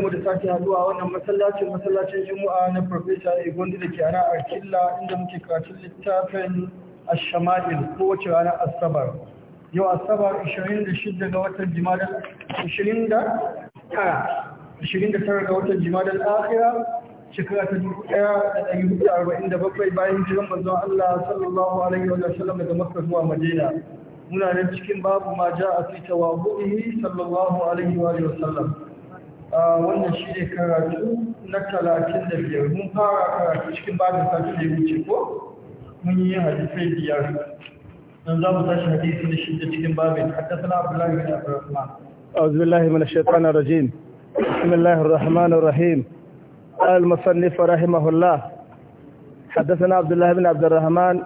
mu da sake haduwa wannan masallacin masallacin juma'a na profesa igondi da ke ana arkilla inda muke karatun littafin a ashama'il kowace rana asabar yau asabar 26 ga watan jimadar 29 ga watan jimadar akira shekara ta dubu ɗaya da ɗari hudu arba'in da bakwai bayan jiran manzon allah sallallahu alaihi wa sallam daga makka zuwa madina muna nan cikin babu ma ja a fi tawabu'ihi sallallahu alaihi wa sallam wannan shi ne karatu na talatin da biyar mun fara karatu cikin babin sati da ya wuce ko mun yi hadisai biyar don za mu tashi hadisi da shi da cikin babin haddasa na abdullahi bin abdurrahman أعوذ بالله من الشيطان الرجيم بسم الله الرحمن الرحيم قال المصنف رحمه الله حدثنا عبد الله بن عبد الرحمن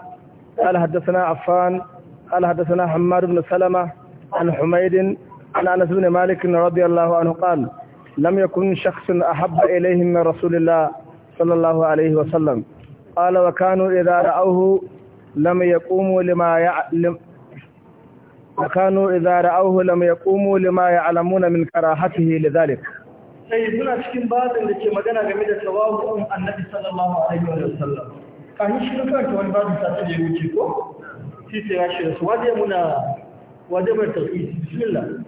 قال حدثنا عفان قال حدثنا حمار بن سلمة عن حميد عن أنس بن مالك رضي الله عنه قال لم يكن شخص أحب إليهم من رسول الله صلى الله عليه وسلم قال وكانوا إذا رأوه لم يقوموا لما يعلم وكانوا إذا رأوه لم يقوموا لما يعلمون من كراهته لذلك sai cikin babin da ke magana game da tawawun annabi sallallahu alaihi wa sallam kan shi kan ta wani babin sai ya wuce ko shi sai ya shi su waje muna waje bismillah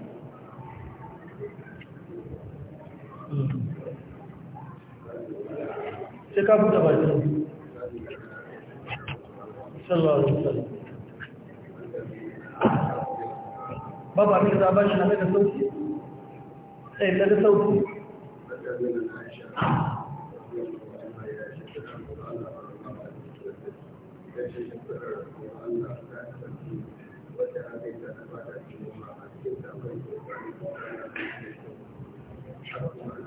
sai ka buɗe bakin sallallahu alaihi wasallam babu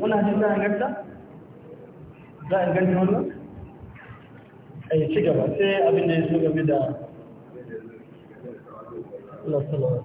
wannan jin za a ganta? za a ganta wannan? a yi cigaba sai abin da ya so game da Allah sallallahu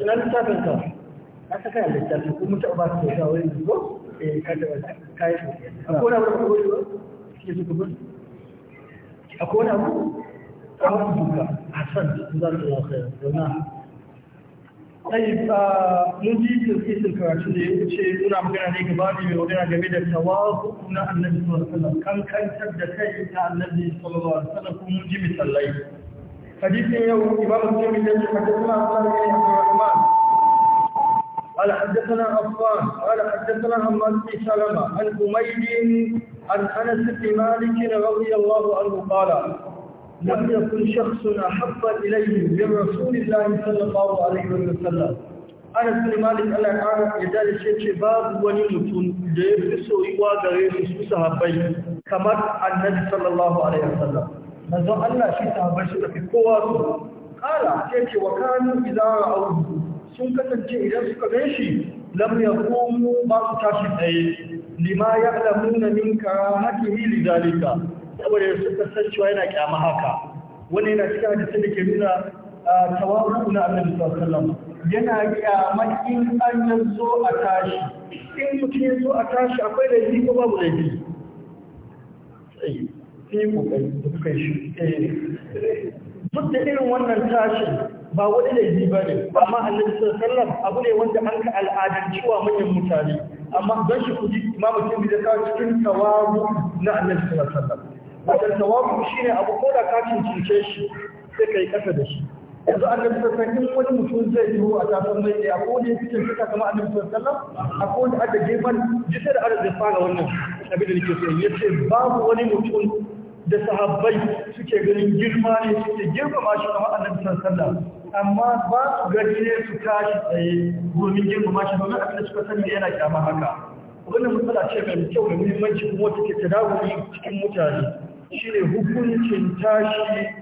ina littafin ka ka saka ya littafi ko mutu eh, ba da wani zuwa ba ke su kuma akwai wani abu ربك حسن جزاك الله خير قلنا طيب نجي تلقيت الكراش اللي شيء يقول عم عليك بادي ويقولنا جميلة التواب قلنا النبي صلى الله عليه وسلم كان كان تبدا كي يتعى النبي صلى الله عليه وسلم ومجي مثل الليل حديثي يوم إمام السلمي الذي حدثنا أصلا إليه عبد الرحمن قال حدثنا أصفان قال حدثنا عن مالك بن سلمة عن أميد عن أنس بن مالك رضي الله عنه قال لم يكن شخص أحب إليه من رسول الله صلى الله عليه وسلم ana sun malik Allah ƙara ya dada shi ce babu wani mutum da ya fi soyuwa gare su su sahabbai kamar annabi sallallahu alaihi wasallam manzon Allah shi sahabbai su fi kowa su ƙara ce ce wa kanu idara audu sun kasance idan suka gan shi lam yaqumu ba tashi tsaye lima saboda suka san cewa yana kyama haka wani yana cikin hadisi da ke nuna tawazu na annabi sallallahu alaihi yana kyama in an zo a tashi in mutum yanzu a tashi akwai laifi ko babu laifi sai sai kokari da kuka yi shi eh, duk da irin wannan tashi ba wani laifi ba ne amma annabi sallallahu abu ne wanda an ka al'adancewa manyan mutane amma don shi kuji imamu kin da kawo cikin tawazu na annabi sallallahu wajen tawabu shi ne abu ko da kacin cince shi sai ka yi ƙasa da shi yanzu annabi sassan in wani mutum zai yi a tasar mai ɗaya ko ne cikin suka kama annabi sassan a ko da aka gefen jita da zai fara wannan abin da nake so ya ce babu wani mutum da sahabbai suke ganin girma ne suke girmama shi kamar annabi sallallahu amma ba su gari ne su tashi tsaye domin girmama shi domin abin da suka sani yana kyama haka wannan matsala ce mai kyau da muhimmanci kuma take tadawuri cikin mutane shi ne hukuncin tashi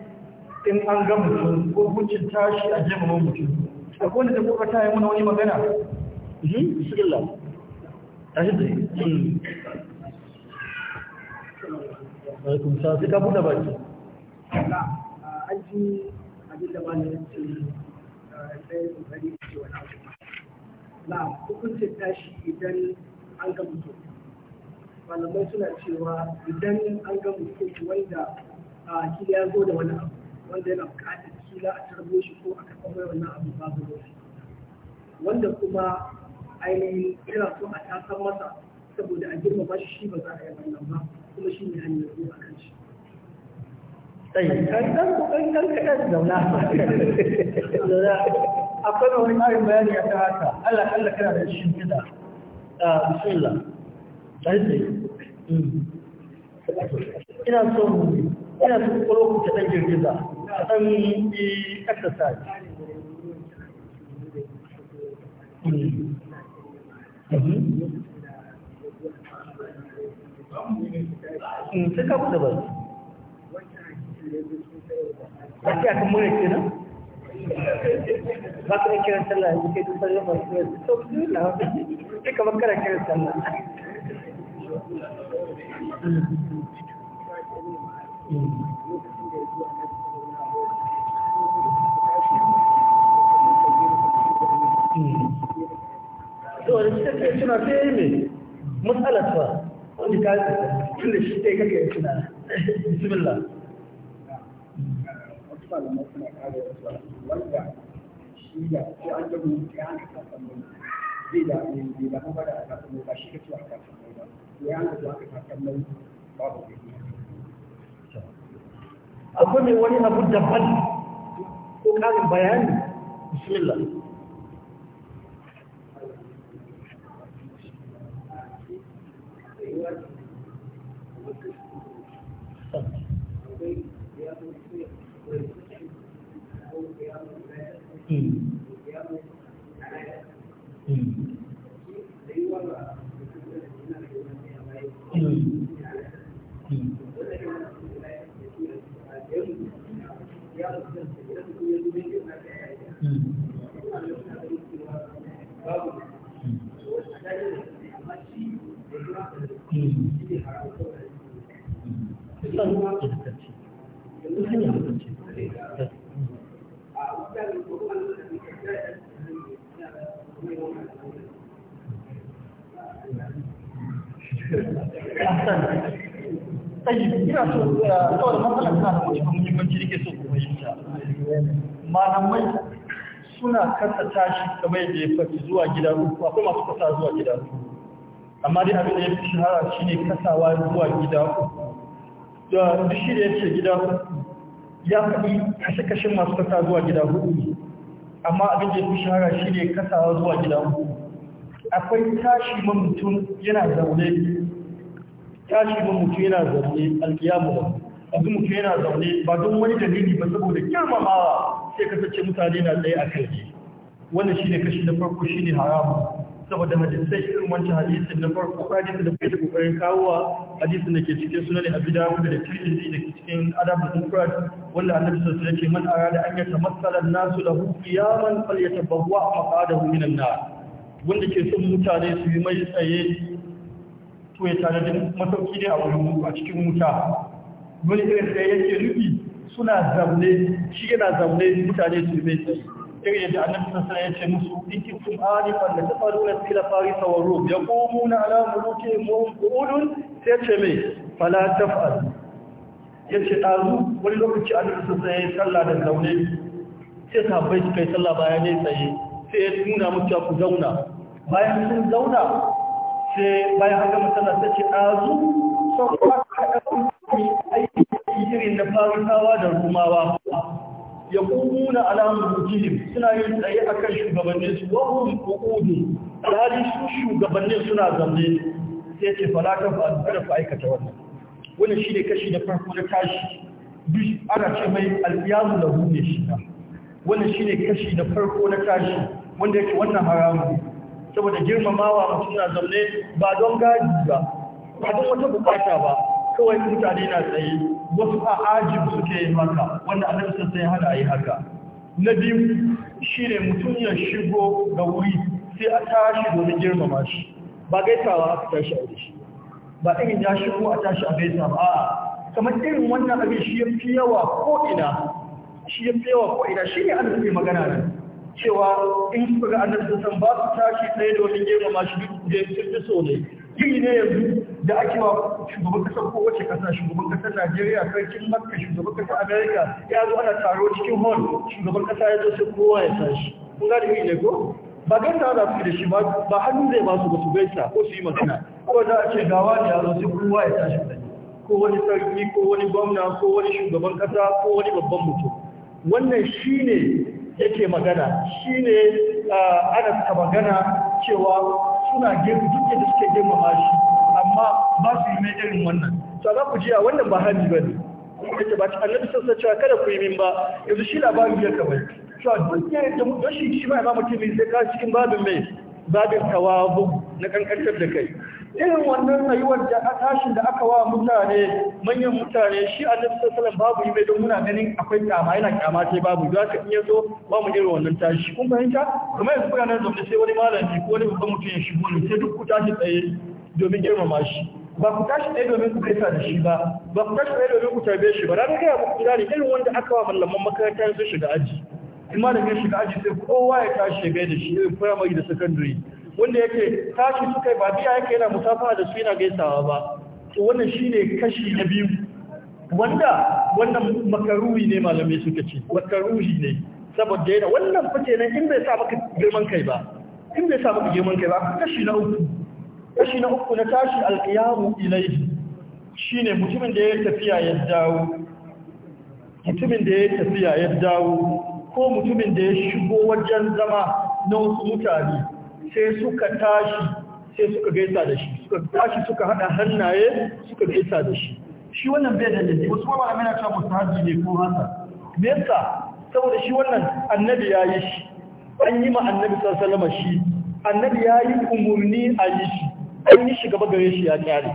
in an ga mutum ko hukuncin tashi a jami'in mutum a kowane da kuka ta muna wani magana mhm, bismillah tashi da shi alaikum sa suka buɗe baki an ji da wani yanci eh, sai kokari ce wani abu na hukuncin tashi idan an ga mutum malamai suna cewa idan an ga mutum wanda a kila ya zo da wani abu wanda yana buƙatar kila a tarbe shi ko a kafa mai wannan abu babu shi wanda kuma ainihin yana so a tasar masa saboda a girmama shi shi ba za a yi wannan ba kuma shi ne hanyar zuwa kan shi akwai wani ƙarin bayani a ta haka Allah Allah kana da shi gida ah, bismillah ina son ina ta ɗan girgiza ta ɗan yi exercise ba a ce mura ba ka kiran sallah su na hau kamar kiran sallah Yau da shi take suna ta mai matsalar ba, wani kaji, tun da shi ta yi kake suna, bismillah. Wanda shi da ko an ya haka kasan zai da ne da kuma da ba shi ka aka babu akwai mai wani abu daban ko bayani bismillah Mm-hmm. ina suna malamai suna kasa tashi kamar yadda ya faɗi zuwa gida uku akwai masu kasa zuwa gida uku amma dai abin da ya fi shahara shi ne kasawa zuwa gida da duk shi da ya ce gida ya faɗi kashe-kashen masu kasa zuwa gida hudu amma abin da ya fi shahara shi ne kasawa zuwa gida uku akwai tashi mutum yana zaune tashi mutum yana zaune alkiyamu abin mutum yana zaune ba don wani dalili ba saboda girmamawa sai kasance mutane na tsaye a kai wannan shi ne kashi na farko shi ne haramu saboda hadisai irin wancan hadisin na farko hadisin da da kokarin kawowa hadisin da ke cikin sunan Abi wanda da Tirmidhi da ke cikin adam da mufrad wanda Annabi sallallahu alaihi wasallam ya ce man arada an yata an-nasu lahu qiyaman falyatabawwa maqadahu minan nar wanda ke son mutane su yi mai tsaye to ya tare da masauki ne a wurin a cikin wuta wani irin da yake nufi suna zaune shi yana zaune mutane su yi mai tsaye irin yadda annabi sallallahu alaihi wasallam ya ce musu ikitum alifan da tafaruna fil farisa wa rum yaqumuna ala mulukihim wa hum qu'udun sai ce me fala taf'al yace dazu wani lokaci annabi sallallahu alaihi wasallam ya sallah da zaune sai sahabbai suka yi sallah bayan ne tsaye sai ya nuna musu ku zauna bayan sun zauna sai bayan haka masana ta ce dazu sau ka ka aiki irin na farisawa da rumawa ya na alamun rukihim suna yin tsaye a kan shugabannin su wahun kukudu alhali su shugabannin suna zamne sai ce falakar ba alfada fa aikata wannan wannan shi ne kashi da farko na tashi duk ana ce mai alfiyamu da hune shi na wannan shi ne kashi da farko na tashi wanda yake wannan haramu saboda girmamawa mutum na zamne ba don gadi ba ba don wata bukata ba kawai mutane na tsaye wasu a ajib suke yi maka wanda annabi sun sai hana yi haka na biyu ne mutum ya shigo ga wuri sai a tashi domin girmama shi ba gaisawa aka tashi a shi ba irin ya shigo a tashi a gaisa ba a kamar irin wannan abin shi ya fi yawa ko ina shi ya fi yawa ko ina shi ne annabi magana ne cewa in suka ga annabta sun ba su tashi tsaye domin girmama shi duk da ya fi so ne iri ne yanzu da ake wa shugaban kasar ko wace kasa shugaban kasar Najeriya sarkin Makka shugaban kasar Amerika ya zo ana taro cikin hall shugaban kasa ya zo sai kowa ya tashi kun ga da iri ne ko ba ganta za su da shi ba ba hannu zai ba su ba su gaisa ko su yi magana ko za a ce gawa ne ya zo sai kowa ya tashi ko wani sarki ko wani gwamna ko wani shugaban kasa ko wani babban mutum wannan shine yake magana shine ah, ana ta magana cewa suna gefe duk da suke girmama shi amma ba su yi mai irin wannan to za ku a wannan ba hali ba ne yake ba annabi sassa cewa kada ku yi min ba yanzu shi labarin ya kamar cewa duk ya yadda don shi shi ma imamu kimi sai ka cikin babin mai babin tawabu na kankantar da kai irin wannan tsayuwar da aka tashin da aka wa mutane manyan mutane shi a nufin sassalan babu yi mai don muna ganin akwai kama yana kyama sai babu za ka iya zo ba mu irin wannan tashi kun fahimta kuma yanzu kuna nan zaune sai wani malami ko wani babban mutum ya shigo ne sai duk ku tashi tsaye domin girmama shi ba ku tashi tsaye domin ku kaita da shi ba ba ku tashi tsaye domin ku tarbe shi ba na gaya muku gida ne irin wanda aka wa malaman makaranta yanzu shiga aji in malamin shiga aji sai kowa ya tashi ya gaida shi irin firamare da sakandare wanda yake tashi su kai ba biya yake yana musafa da su yana gaisawa ba to wannan shine kashi na biyu wanda wannan makaruhi ne malamai suka ce makaruhi ne saboda yana wannan fice nan in bai sa maka girman kai ba in bai sa maka girman kai ba kashi na uku kashi na uku na tashi alqiyamu ilayhi shine mutumin da ya tafiya ya dawo mutumin da ya tafiya ya dawo ko mutumin da ya shigo wajen zama na wasu mutane sai suka tashi sai suka gaisa da shi suka tashi suka hada hannaye suka gaisa da shi shi wannan bai da laifi wasu kuma amina cewa mustahabi ne ko haka me yasa saboda shi wannan annabi ya yi shi an yi ma annabi sallallahu alaihi shi annabi ya yi umurni a yi shi an yi shi gaba gare shi ya kyale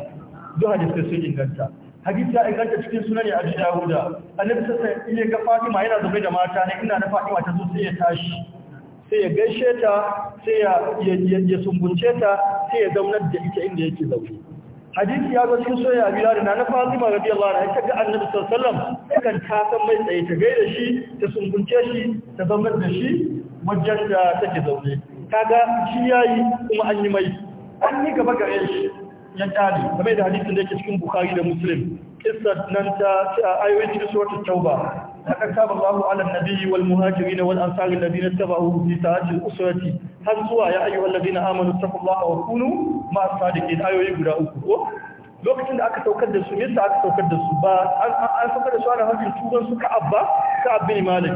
duk hadisi sun inganta hadisi ya inganta cikin sunan Abu Dawud annabi sallallahu alaihi wasallam ya ga Fatima yana zama da mata ne ina da Fatima ta zo sai ya tashi sai ya gaishe ta sai ya sumbunce ta sai ya zaunar da ita inda yake zaune hadisi ya ga cikin soyayya biya da nana Fatima radiyallahu anha ta ga Annabi sallallahu alaihi wasallam kan ta san mai tsaye ta gaida shi ta sumbunce shi ta zaunar da shi wajen da take zaune kaga shi yayi kuma an yi mai an yi gaba gare shi ya tsari game da hadisin da yake cikin Bukhari da Muslim kissar nan ta ayoyin cikin suratul Tauba لقد تاب الله على النبي والمهاجرين والأنصار الذين اتبعوه في ساعات الأسرة هل ya يا أيها الذين آمنوا اتقوا kunu وكونوا مع الصادقين guda uku. Ko lokacin da aka saukar da su me sa aka saukar da su ba an saukar da su ana hajjin tuban su Ka'ab ba Ka'ab bin Malik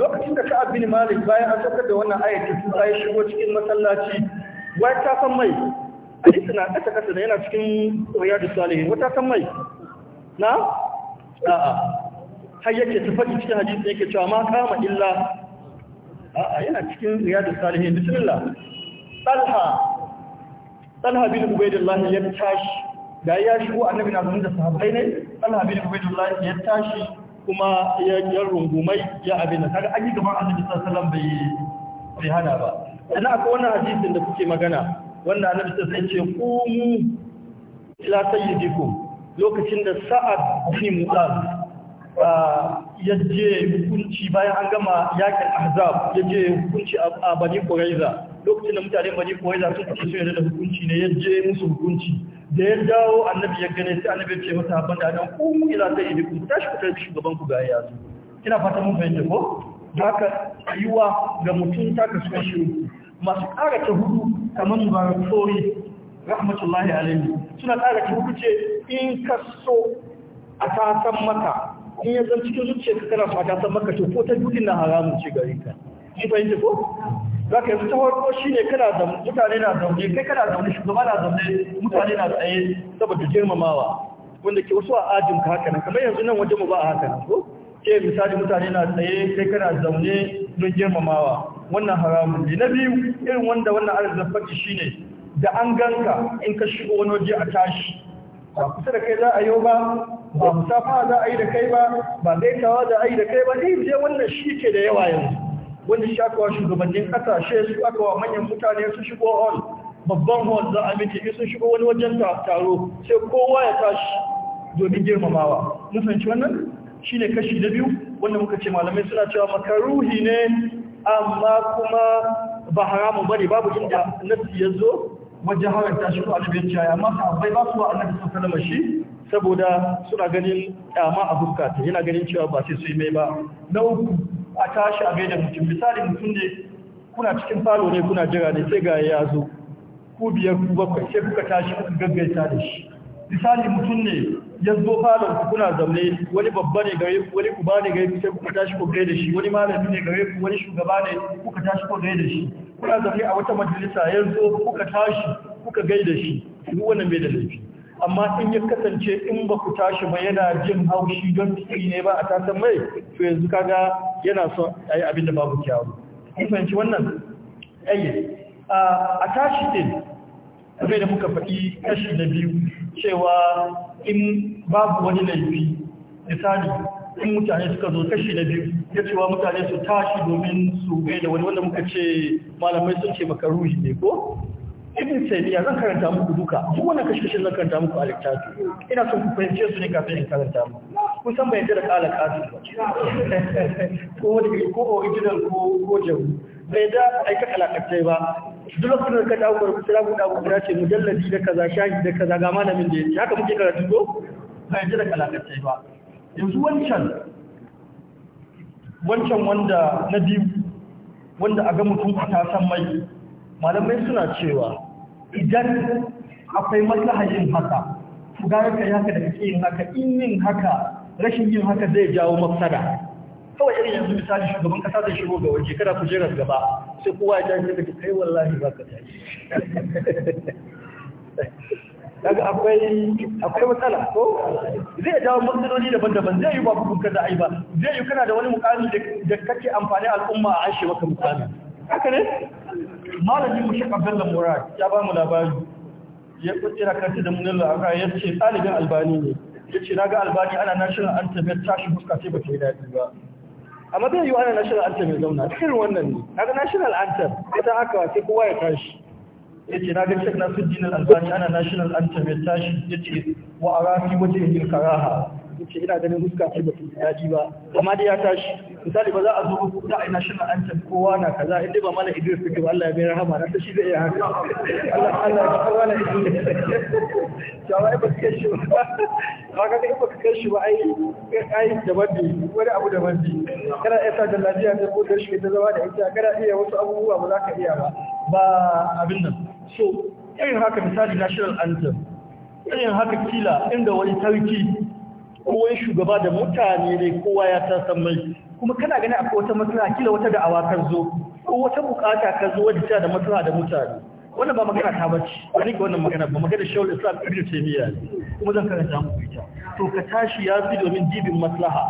lokacin da Ka'ab bin Malik bayan an saukar da wannan ayati su sai shigo cikin masallaci wai ta san mai hadisi na kasa kasa da yana cikin riyadu salihin wata san mai na a'a har yake faɗi cikin hadisi yake cewa ma kama illa a yana cikin riyadu salihin bismillah talha talha bin ubaidullah ya tashi da ya shigo annabi na zuwa da sahabbai ne talha bin ubaidullah ya tashi kuma ya yan rungumai ya abin da kaga aji gaban annabi sallallahu alaihi wasallam bai hana ba Ina akwai wannan hadisin da kuke magana wanda annabi sai ce kumu ila sayyidikum lokacin da sa'ad bin mu'adh Yaje hukunci bayan an gama yakin ahzab yaje hukunci a bani kuraiza lokacin da mutane bani kuraiza sun kace su da hukunci ne yaje musu hukunci da ya dawo annabi ya gane sai annabi ya ce masa ban da dan mu ila sai ku tashi ku tafi shugaban ku ga yazo Kina fata mun fahimta ko haka yiwa ga mutum ta suka shi masu ƙara ta hudu kamar mubarak tsori rahmatullahi alaihi suna ƙara ta hudu ce in ka so a san maka in ya zan cikin zuciya ka kana fata ta maka to ko ta dukin na haramun ce gare ka shi fahimta ko za ka yanzu ta farko shi ne kana da mutane na zaune kai kana zaune shugaba na zaune mutane na tsaye saboda girmamawa wanda ke wasu a ajin ka haka nan kamar yanzu nan waje mu ba a haka nan ko ke misali mutane na tsaye kai kana zaune don girmamawa wannan haramun ne na biyu irin wanda wannan arzikin shi ne. da an ganka in ka shigo wani waje a tashi ba kusa da kai za a yau ba ba musafa za a yi da kai ba ba gaitawa za a yi da kai ba ne je wannan shi ke da yawa yanzu wanda shi wa shugabannin kasashe su aka wa manyan mutane su shigo hall babban hall za a miti sun shigo wani wajen taro sai kowa ya tashi domin girmamawa mun fahimci wannan shine kashi na biyu wanda muka ce malamai suna cewa makaruhi ne amma kuma ba haramun bane babu inda nasi ya zo wajen haranta shi ko annabi ya ce amma sahabbai ba su wa annabi sallallahu alaihi wasallam shi saboda suna ganin kyama a fuskata yana ganin cewa ba sai su yi mai ba na uku a tashi a gaida mutum misali mutum ne kuna cikin falo ne kuna jira ne sai ga ya zo ku biyar ku bakwai sai kuka tashi kuka gaggaita da shi misali mutum ne ya zo falon ku kuna zaune wani babba ne gare ku wani kuba ne gare ku sai kuka tashi ku gaida shi wani malami ne gare ku wani shugaba ne kuka tashi ku gaida shi kuna zaune a wata majalisa ya zo kuka tashi kuka gaida shi duk wannan bai da laifi amma in ya kasance in ba ku tashi ba yana jin haushi don tsiri ne ba a tasan mai to yanzu kaga yana so a yi abin da babu kyawu fahimci wannan ɗaya a tashi din zai da muka faɗi kashi na biyu cewa in babu wani laifi misali in mutane suka zo kashi na biyu ya cewa mutane su tashi domin su gaida wani wanda muka ce malamai sun ce makaruhi ne ko ibn taymiya zan karanta muku duka duk wannan kashkashin zan karanta muku a littafi ina son ku fahimce su ne kafin in karanta muku kun san bai da kala kasu ba ko wani ko original ko ko jaru bai da aika kalakatai ba duk lokacin da ka dawo ku sai ku dawo ku dace mujalladi da kaza shahi da kaza ga malamin da yake haka muke karatu ko bai da kalakatai ba yanzu wancan wancan wanda na biyu wanda a ga mutum ta san mai malamai suna cewa idan akwai maslahar yin haka ku gara ka haka da kake yin haka in yin haka rashin yin haka zai jawo mafsada kawai irin yanzu misali shugaban kasa zai shigo ga waje kada ku je jira gaba sai kowa ya ji daga kai wallahi ba ka tashi daga akwai akwai matsala ko zai jawo matsaloli daban-daban zai yi ba bukun kaza ai ba zai yi kana da wani mukami da kake amfani al'umma a ashe maka mukami haka ne malamin mu Sheikh Abdullah Murad ya ba mu labari ya kuttira kanta da munin la'aka ya ce ɗalibin albani ne ya ce na ga albani ana national anthem ya tashi fuska sai ba ta yi daɗi ba amma bai yi wa ana national anthem ya zauna cikin wannan ne Na ga national anthem ita haka sai kowa ya tashi ya ce na naga Sheikh Nasiruddin Albani ana national anthem ya tashi ya ce wa a rafi waje yin karaha yace ina ganin huska ce ba ta ba amma dai ya tashi misali ba za a zo ku da ina shin an tan kowa na kaza in ba mana Idris kike ba Allah ya bayar rahama dan shi zai iya haka Allah Allah ya kawo mana Idris jawai ba kike shi ba kaga kai ba kike shi ba ai ai da bandi wani abu da bandi kana iya sa da lafiya da ko da shi ta zama da ita kana iya wasu abubuwa ba za ka iya ba ba abin nan so irin haka misali national anthem irin haka kila inda wani sarki kowai shugaba da mutane ne kowa ya ta san mai kuma kana gani akwai wata matsala kila wata da awa kan zo ko wata bukata ka zo wadda ta da matsala da mutane wannan ba magana ta bace wani ga wannan magana ba magana shawul islam ibnu taymiya ne kuma zan karanta muku ita to ka tashi ya fi domin dibin maslaha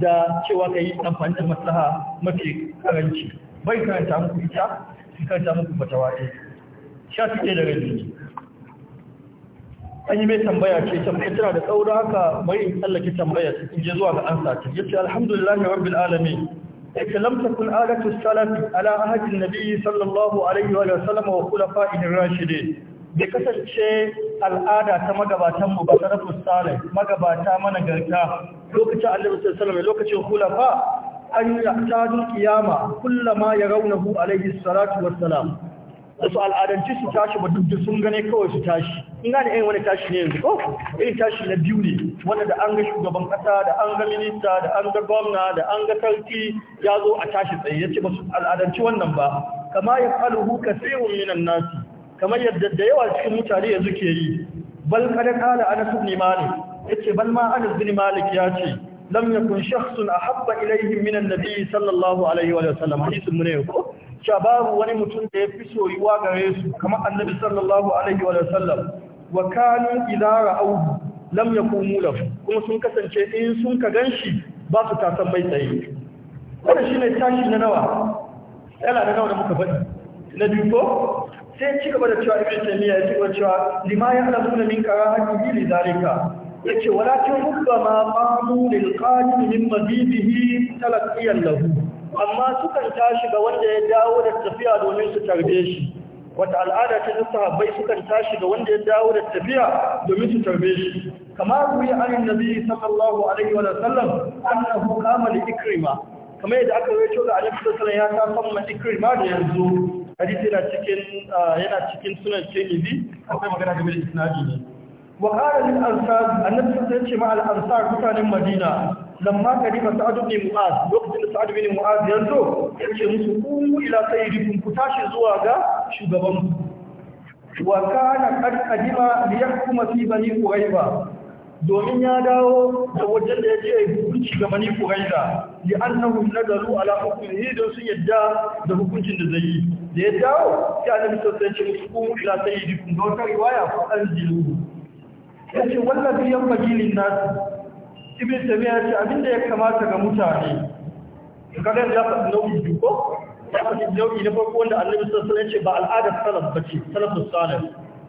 da cewa kai amfani da maslaha mafi karanci bai karanta muku ita karanta muku fatawa ɗaya sha take da rabi an yi mai tambaya ce tambaya tana da tsauri haka mai in tsallake tambaya in je zuwa ga ansa Ya ce alhamdulillah rabbil alami. yace lam takun adatu salaf ala ahadin nabiy sallallahu alaihi wa sallam wa khulafa'ir rashidin bai kasance al'ada ta magabatan mu ba sarrafu salaf magabata mana garka lokacin annabi sallallahu alaihi wa sallam lokacin khulafa an ta qiyama kullama yarawnahu alaihi salatu wassalam wasu al'adanci su tashi ba duk sun gane kawai su tashi in gane irin wani tashi ne yanzu ko irin tashi na biyu ne wanda da an ga shugaban kasa da an ga minista da an ga gwamna da an ga sarki ya zo a tashi tsaye ya ce ba su al'adanci wannan ba kama ya faluhu kasirun minan nasi kamar yadda da yawa cikin mutane yanzu ke yi bal kada kala anas ibn Ya yace bal ma anas ibn malik ya ce lam yakun shakhsun ahabba ilayhim minan an-nabi sallallahu alaihi wa sallam hadisin mu ne ko cewa babu wani mutum da ya fi soyuwa gare su kamar annabi sallallahu alaihi wa sallam wa kanu idza ra'awhu lam yakunu lahu kuma sun kasance in sun ka ganshi ba su tasan mai tsaye wannan shine tashi na nawa yana da nawa da muka faɗi na biyu ko sai ci gaba da cewa ibn taymiya ya ci gaba cewa lima ya alamuna min karahati li zalika yace walakin rubbama qamu lil qadim min mabidihi talaqiyan lahu amma sukan tashi ga wanda ya dawo da tafiya domin su tarbe shi wata al'ada ta nufin habbai sukan tashi ga wanda ya dawo da tafiya domin su tarbe shi kamar ruwa anin nabi sallallahu alaihi wa sallam annahu kama li ikrima kamar yadda aka rawaito ga annabi sallallahu alaihi wa sallam ya ta san ikrima da yanzu hadisi yana cikin yana cikin sunan tirmidhi akwai magana game da isnadi ne wa qala lil ansar annabi sallallahu alaihi wa sallam ce ma al ansar mutanen madina lamma kariba sa'ad ibn mu'az lokacin da sa'ad ibn mu'az yanzu ya ce musu kumu ila sayyidikum ku tashi zuwa ga shugaban wa kana qad qadima li yahkuma fi bani quraiba domin ya dawo da wajen da ya ce hukunci ga bani quraiba li annahum nadaru ala hukmihi don sun yadda da hukuncin da zai yi da ya dawo sai annabi sallallahu alaihi wasallam ya ce musu kumu ila sayyidikum don ta riwaya fa anzilu yace wallahi yanbaghi lin nas ibn ya ce abinda ya kamata ga mutane kadan ya faɗi nau'i biyu ko ya faɗi nau'i na farko wanda annabi sallallahu alaihi ce ba al'adar salaf bace salafus Salaf.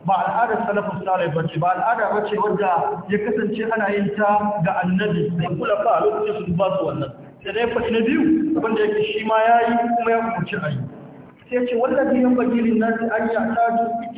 ba al'adar salafus salih bace ba al'ada bace wanda ya kasance ana yin ta ga annabi da kula fa a lokacin su ba su wannan sai dai faɗi na biyu wanda yake shi ma ya yi kuma ya a yi. sai ce wallahi yan bagilin nasi an yi ta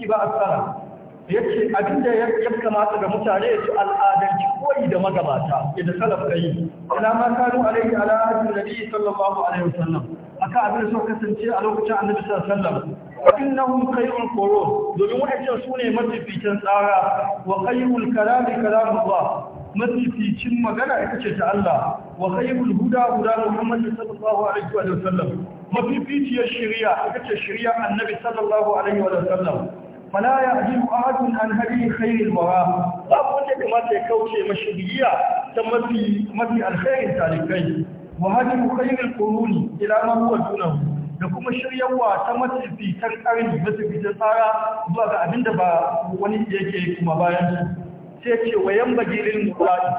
ju ba a tsara. abin da ya kamata ga mutane ya ci al'adanci koyi da magabata idan salaf kai ila ma kanu alaihi ala ahadin nabi sallallahu alaihi wasallam aka abin so kasance a lokacin annabi sallallahu alaihi wasallam wa innahum khayrul qurun domin wadannan sune mafificin tsara wa khayrul kalami kalamullah mafificin magana ita ce ta Allah wa khayrul huda huda Muhammad sallallahu alaihi wa sallam mafificiyar shari'a ita ce shari'a annabi sallallahu alaihi wa fala ya ajibu ahadun an hadi khairil babu wanda kamata ya kauce mashi biya ta mafi mafi alkhairin talibai wa hadi khairil quruni ila ma huwa da kuma shiryawa ta matafitan karni matafitan tsara zuwa ga abinda ba wani yake kuma bayan sai ce wayan bagirin muradi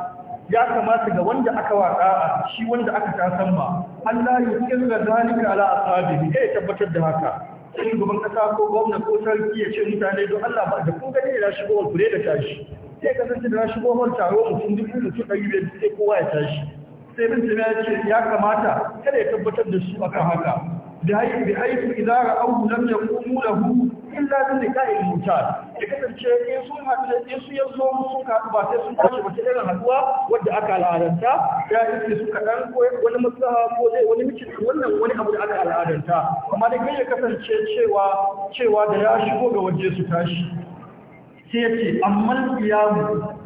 ya kamata ga wanda aka waka shi wanda aka tasan ba Allah ya kirga zalika ala ashabihi eh tabbatar da haka sai gaban kasa ko gwamna ko sarki ya ce mutane don Allah ba da kun gani na shigo kure da tashi sai kasance da na shigo wani taro mutum duk mutum ɗari biyar sai kowa ya tashi sai mutum ya ce ya kamata kada ya tabbatar da su akan haka bi aiki idara abu lam ya kumu da hu illa da nika in muta ya kasance in sun haɗu da su ya zo sun haɗu ba sai sun tashi wata irin haɗuwa wadda aka al'adanta ya yi su kaɗan ko wani maslaha ko zai wani mikin wannan wani abu da aka al'adanta amma da gai ya kasance cewa da ya shigo ga waje su tashi Keke amma ya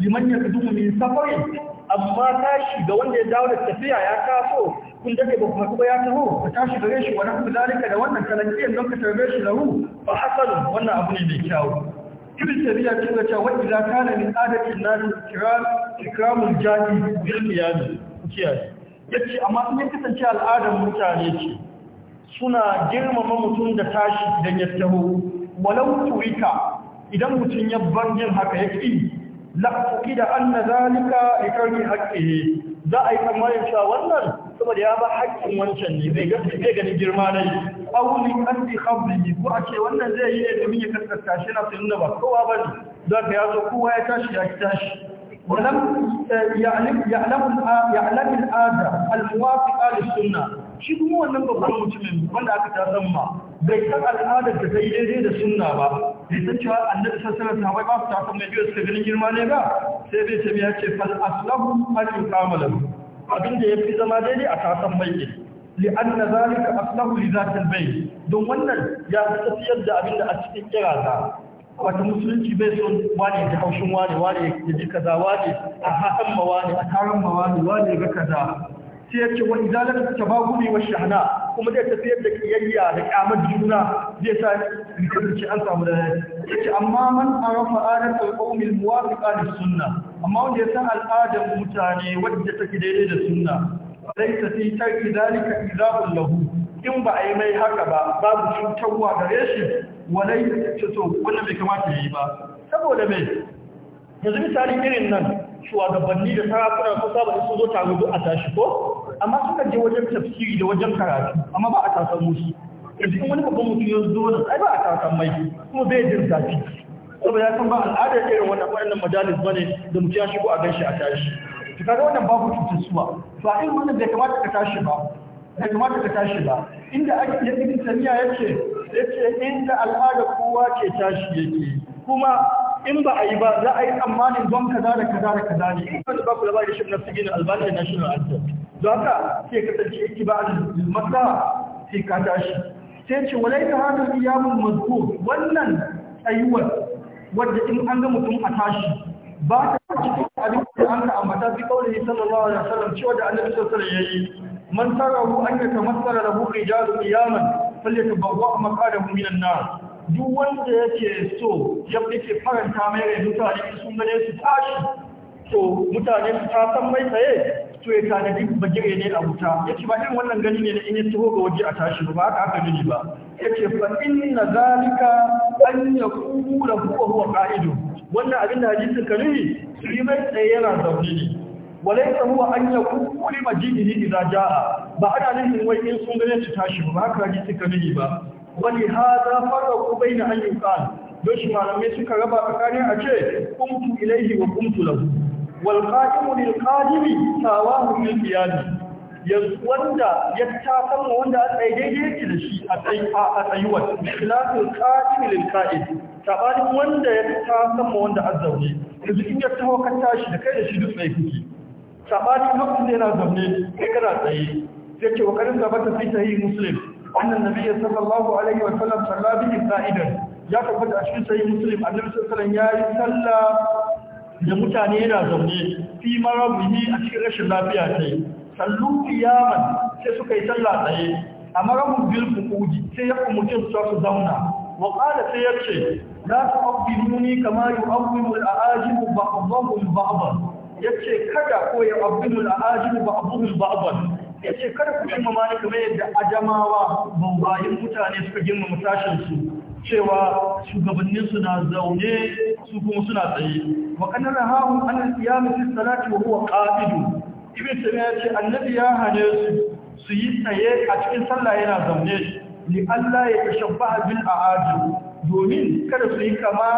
liman ya fi dumu min safarin amma tashi ga wanda ya dawo da tafiya ya kaso kun dade ba kuma kuma ya taho ka tashi gare shi wannan kuma dalika da wannan kalantiyan don ka tarbe shi lahu fa hasal wannan abu ne mai kyau ibn tabiya ce ga cewa idza kana min adatin nas ikram ikramul jani bil qiyam kiya yace amma in ya kasance al'adar mutane ce suna girmama mutum da tashi idan ya taho walau tuika idan mutum ya bar yin haka yake laƙoƙi da an na zalika ya karki haƙƙihi za a yi tsammanin cewa wannan saboda ya ba haƙƙin wancan ne bai gaske ganin girma na yi aulin an fi hamli ko a ce wannan zai yi ne domin ya kaskasta shi na sun ba kowa ba ne za ka yazo kowa ya tashi ya tashi ولم يعلم يعلم يعلم الآدى الموافقة للسنة shi kuma wannan babban mutumin wanda aka ta zama bai san al'adar da ta yi daidai da sunna ba bisa cewa annabi sassanar sahabai ba su tafi mai biyu suka ganin girma ne ba sai bai tabi ya ce fal aslahu an yi kamala abin da ya fi zama daidai a tasan mai ne anna zalika aslahu li zatil bayt don wannan ya fi da abin da a cikin za. wata musulunci bai son wane da haushin wani wane ya ji kaza wani a haɗan ma wani a taron ma wani wani ga kaza sai ya ce wa izalar tabaguni wa shahna kuma zai tafiyar da kiyayya da kyamar juna zai sa rikici an samu da ce amma man arafa adatul qawmil muwafiqa lis sunna amma wanda ya san al'adar mutane wadda take daidai da sunna ta fi tarki zalika idabun lahu in ba a yi mai haka ba babu cutarwa gare shi walai ta so wannan bai kamata ya yi ba saboda mai yanzu misali irin nan shugabanni da sarakuna ko saba su zo taro duk a tashi ko amma suka je wajen tafsiri da wajen karatu amma ba a tasar musu da in wani babban mutum ya zo da ai ba a tasar mai kuma bai jin zafi saboda ya san ba al'adar irin wannan wannan majalis ne da mutum ya shigo a ganshi a tashi to kaga wannan babu cutarsuwa to a irin wannan bai kamata ka tashi ba bai kamata ka tashi ba inda ake yin ibn tamiya yace yace inda al'ada kowa ke tashi yake kuma in ba a yi ba za a yi tsammanin don kaza da kaza da kaza ne in ba ku labari shi na sigin albani da national anthem zaka haka sai kasance itiba'in maslaha sai ka tashi sai ce walai ta hadar iyamun mazkur wannan tsayuwar wadda in an ga mutum a tashi ba ta cikin abin da an ka ambata fi kawai sallallahu alaihi wasallam cewa da annabi sallallahu alaihi wasallam yayi man sarahu an ka tamassara lahu rijalu qiyaman falyatabawwa maqadahu minan nar duk wanda yake so yake faranta mai rai mutane sun gane su tashi to mutane su ta san mai tsaye to ya tanadi bagire ne a wuta ya ce ba irin wannan gani ne na in ya taho ga waje a tashi ba haka aka gani ba ya ce fa inna zalika an ya da huwa huwa qa'idu wannan abin da hadisin kanuni shi mai tsaye yana zaune ne walai ta huwa an ya kuri majini idza jaa ba ana nufin wai in sun gane ta tashi ba haka hadisin kanuni ba wani hada bai na hanyar yuqal don shi malamai suka raba tsakanin a ce kumtu ilaihi wa kumtu lahu wal qa'imu lil qadimi sawahu fil qiyam yanzu wanda ya takan wanda a tsaye daidai yake da shi a tsayi a tsayuwar ikhlasul qa'imi lil qa'id tabarin wanda ya takan wanda azzauni yanzu in ya taho ka tashi da kai da shi duk tsaye kuke tabarin lokacin da yana zaune kai kana tsaye Ya ce wa karin ta fi ta yi sahih muslim annan nabiyyi sallallahu alaihi wa sallam sallabi qa'idan ya tabbata a cikin sahih muslim annabi sallallahu alaihi wa sallam yayi sallah da mutane yana zaune fi marabihi a cikin rashin lafiya sai sallu qiyaman sai suka yi sallah tsaye amarahu bil fuqudi sai ya mutum su su zauna wa kada sai yace la tu'abbiduni kama yu'abbidu al-aajim ba'dhum Ya ce, kada ko ya abbidu al-aajim ba'dhum Ya ce, kada ku yi mamani kamar yadda ajamawa bambayin mutane suka girmama sashen su cewa shugabanninsu na zaune su kuma suna tsaye wa kanar hahun an qiyam fi salati wa huwa qa'id ibn taymiya ce annabi ya hane su su yi tsaye a cikin sallah yana zaune Ni Allah ya abin a a'ajib domin kada su yi kama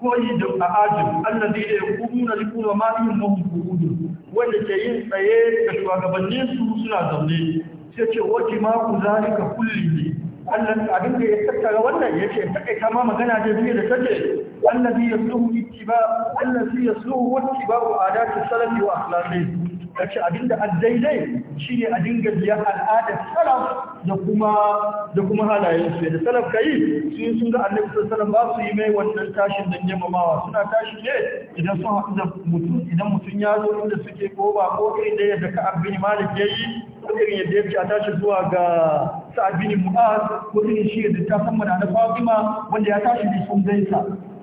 koyi da a'ajib allazi da yakumuna li kuma ma'in wa hum wanda ke yin tsaye da shugabanninsu suna zaune sai ce wa jima'u zalika kullihi Allah abin da ya tattara wannan ya ce take kama magana da biyu da take allazi yasluhu ittiba allazi yasluhu ittiba adat salaf wa akhlaqi kace abin da addaidai shine a dinga biyan al'adar salaf da kuma da kuma halayen su da salaf kai su sun ga annabi sallallahu alaihi wasallam ba su yi mai wannan tashin dan jama'awa suna tashi ne idan sun haɗu da mutum idan mutum ya zo inda suke ko ba ko irin da yadda ka abin malik yayi ko irin yadda yake a tashi zuwa ga sa'abi ne mu'az ko ne shi da ta san mana da fatima wanda ya tashi da sun gaisa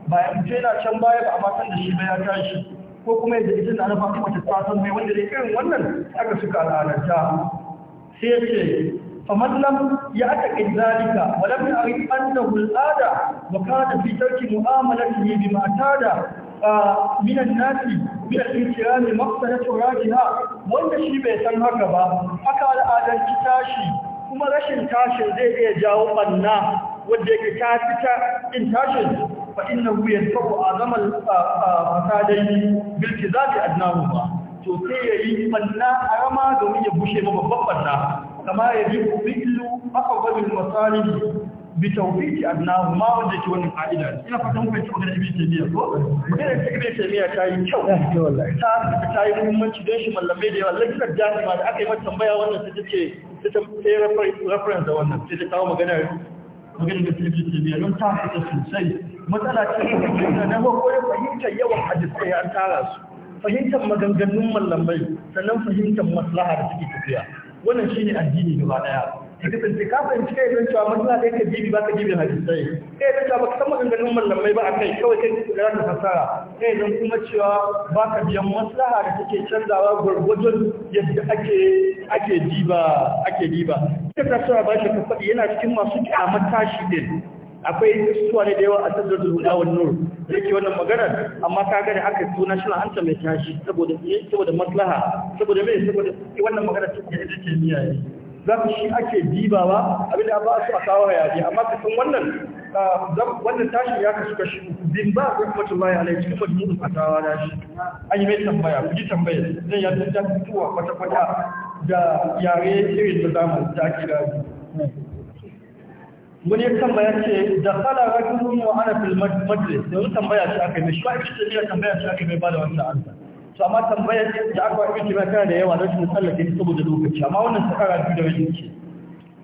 ba ya fice na can baya ba a san da shi ba ya tashi ko kuma ya ita na fatima ta san mai wanda ne irin wannan aka suka alalata sai ya ce famallam ya aka kidalika walam ya ari annahu al'ada wa kana fi tarki mu'amalatihi bi matada min annasi bi al-ikrami maqsadatu rajiha wanda shi bai san haka ba aka al'adar ki tashi kuma rashin tashin zai iya jawo ɓanna wadda yake ta fita in tashin fa inna hu a zaman fasadai bil kizati mu ba to sai yayi ɓanna arama domin ya bushe ma babban banna kama ya bi illu aqwamul masalih bi tawfiki annahu ma wanda ke wannan ka'ida ina fatan ku fahimci magana ibn taymiya ko magana ibn taymiya ta yi kyau eh, ta ta yi muhimmanci don shi mallamai da yawa lakkar jami'a da aka yi mata tambaya wannan ta take ta ta reference da wannan sai ta kawo magana magana da ibn taymiya don ta fita sosai matsala ce da na ba ko fahimtar yawan hadisai an tara su fahimtar maganganun mallamai sannan fahimtar maslaha da suke tafiya wannan shine addini gaba daya ka kasance ka fahimci kai don cewa matsala da yake bibi ba ka bibi hadisai kai don cewa ba ka san maganganun mallamai ba a kai kawai kai za ka fasara kai don kuma cewa ba ka biyan maslaha da take canzawa gwargwadon yadda ake ake diba ake diba ita ta sura ba shi faɗi yana cikin masu kyamar tashi din akwai suwa ne da yawa a sadar da huda wani nur da ke wannan maganar amma ka gani aka su national anthem mai tashi saboda saboda maslaha saboda mai saboda wannan maganar ta ke da ke miyaye za su shi ake dibawa abinda ba su a kawo hayani amma kasan wannan wannan tashin ya kasu kashi uku bin ba ko kuma tun baya kuma cikin a tawa da shi an yi mai tambaya ku ji tambaya zai yadda ta fitowa kwata kwata da yare irin da zamu da ake gani wani ya tambaya ce da kala rajulun wa ana fil da wani tambaya ce aka yi mai shi ba ita tambaya ce aka yi mai ba da wannan ansa to amma tambayar da aka yi ibn kana da yawa don shi tsallake ta saboda lokaci amma wannan sakara biyu da rajin ce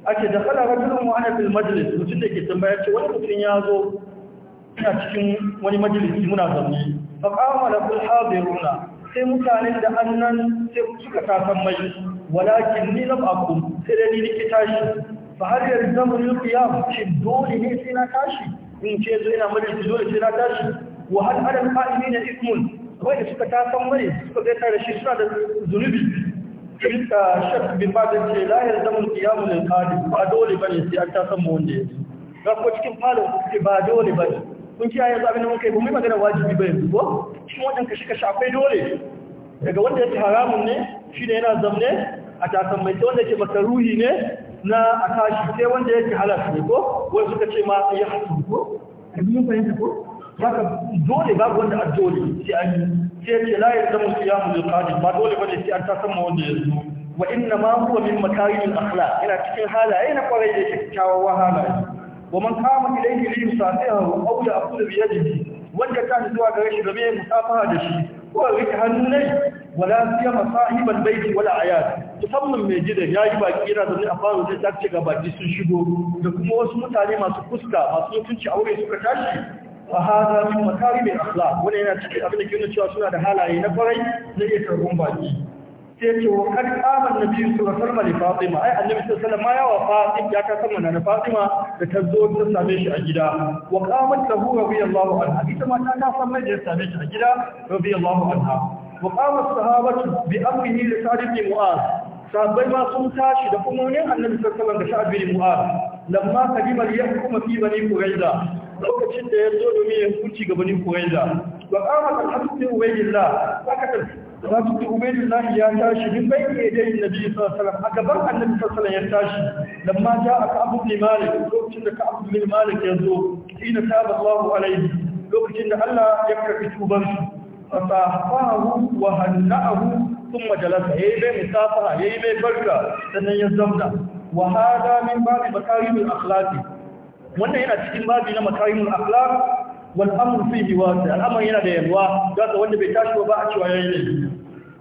ake da kala rajulun wa ana fil majalis mutum da ke tambaya ce wani mutum ya zo ina cikin wani majalisi muna zaune fa qama lahul hadiruna sai mutanen da annan sai suka tasan mai walakin ni lam aqum sai dai ni ke tashi fa har yalzamu lil ya shi dole ne sai na tashi in ce zo ina majalis dole sai na tashi wa hal adam al qa'imina ismun wanda suka ta san mai suka zai da shi suna da zunubi ta ah, ka shak bin bazin ce lahir zaman kiyamun alƙadi ba dole ba ne sai an ta san mu wanda ya ga ko cikin falon kuke ba dole ba ne. kun kiyaye yanzu abin da muka yi ba mai magana wajibi ba yanzu ko shi ka kashi kashi akwai dole daga wanda ya ce haramun ne shi ne yana zamne a tasan mai ta wanda ke ruhi ne na a tashi sai wanda ya ci su ne ko wani suka ce ma ya hasu ko yanzu mun fahimta ko zaka dole babu wanda a dole sai an sai ce la yalzamu siyamu lil qadim ba dole bane sai an ta san wanda ya wa inna ma huwa min makarimil akhlaq ina cikin halaye na kware da kyakkyawan halaye wa man kama ilayhi li yusafihu aw ya'khudhu bi yadihi wanda ta zuwa gare shi game musafaha da shi ko rike hannu ne wala siya masahiban baiti wala ayat musamman mai gidan ya yi baki yana zaune a faru sai ta ce ga baki sun shigo da kuma wasu mutane masu fuska masu mutunci aure suka tashi fa hada min makarim mai akhlaq wani yana cikin abin da ke nuna cewa suna da halaye na kwarai na iya karɓar baki sai ce wa kan kaman nabi sallallahu da fatima ai annabi sallallahu alaihi ma yawa wa fatima ya ka sama na fatima da ta zo ta same shi a gida wa qamat lahu radiyallahu anha ita ma ta ka san mai da same shi a gida radiyallahu anha wa qamat sahabatu bi amrihi li sa'id bin mu'az sahabbai ma sun tashi da kuma ne annabi sallallahu alaihi wasallam da sha'ib bin mu'az lamma kadimar yahkum fi bani quraiza lokacin da ya zo domin ya hukunci ga bani quraiza wa qama al-hasan bin ubaydillah saka Rafi da Ubaidullahi ya tashi bin bai ne da yin Nabi sallallahu a gaban Annabi sallallahu ya tashi dan ma ja aka Abu Malik lokacin da ka Abu Malik ya zo ina taba Allahu alaihi lokacin da Allah ya karbi tuban shi fasafahu wa hannahu thumma jalasa yayi bai musafaha yayi bai barka sannan ya zamna wa hada min babi makarimul akhlaq wannan yana cikin babi na makarimul akhlaq wal amru fihi wasi al'amari yana da yalwa daga wanda bai tashi ba a cewa yayi ne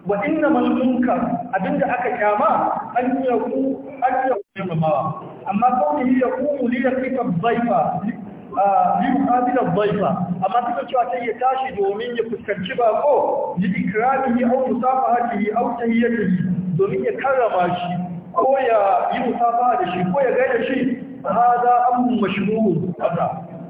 wa inna man munkar abinda aka kyama an yaku an yaku mamawa amma kawai ya kuma li yaqifa dhaifa li yuqabila dhaifa amma suka cewa sai ya tashi domin ya fuskanci bako Ni ya li ikramihi aw musafahatihi aw tahiyyatihi domin ya karrama shi ko ya yi musafa da shi ko ya gaida shi hada amrun mashru'un kaza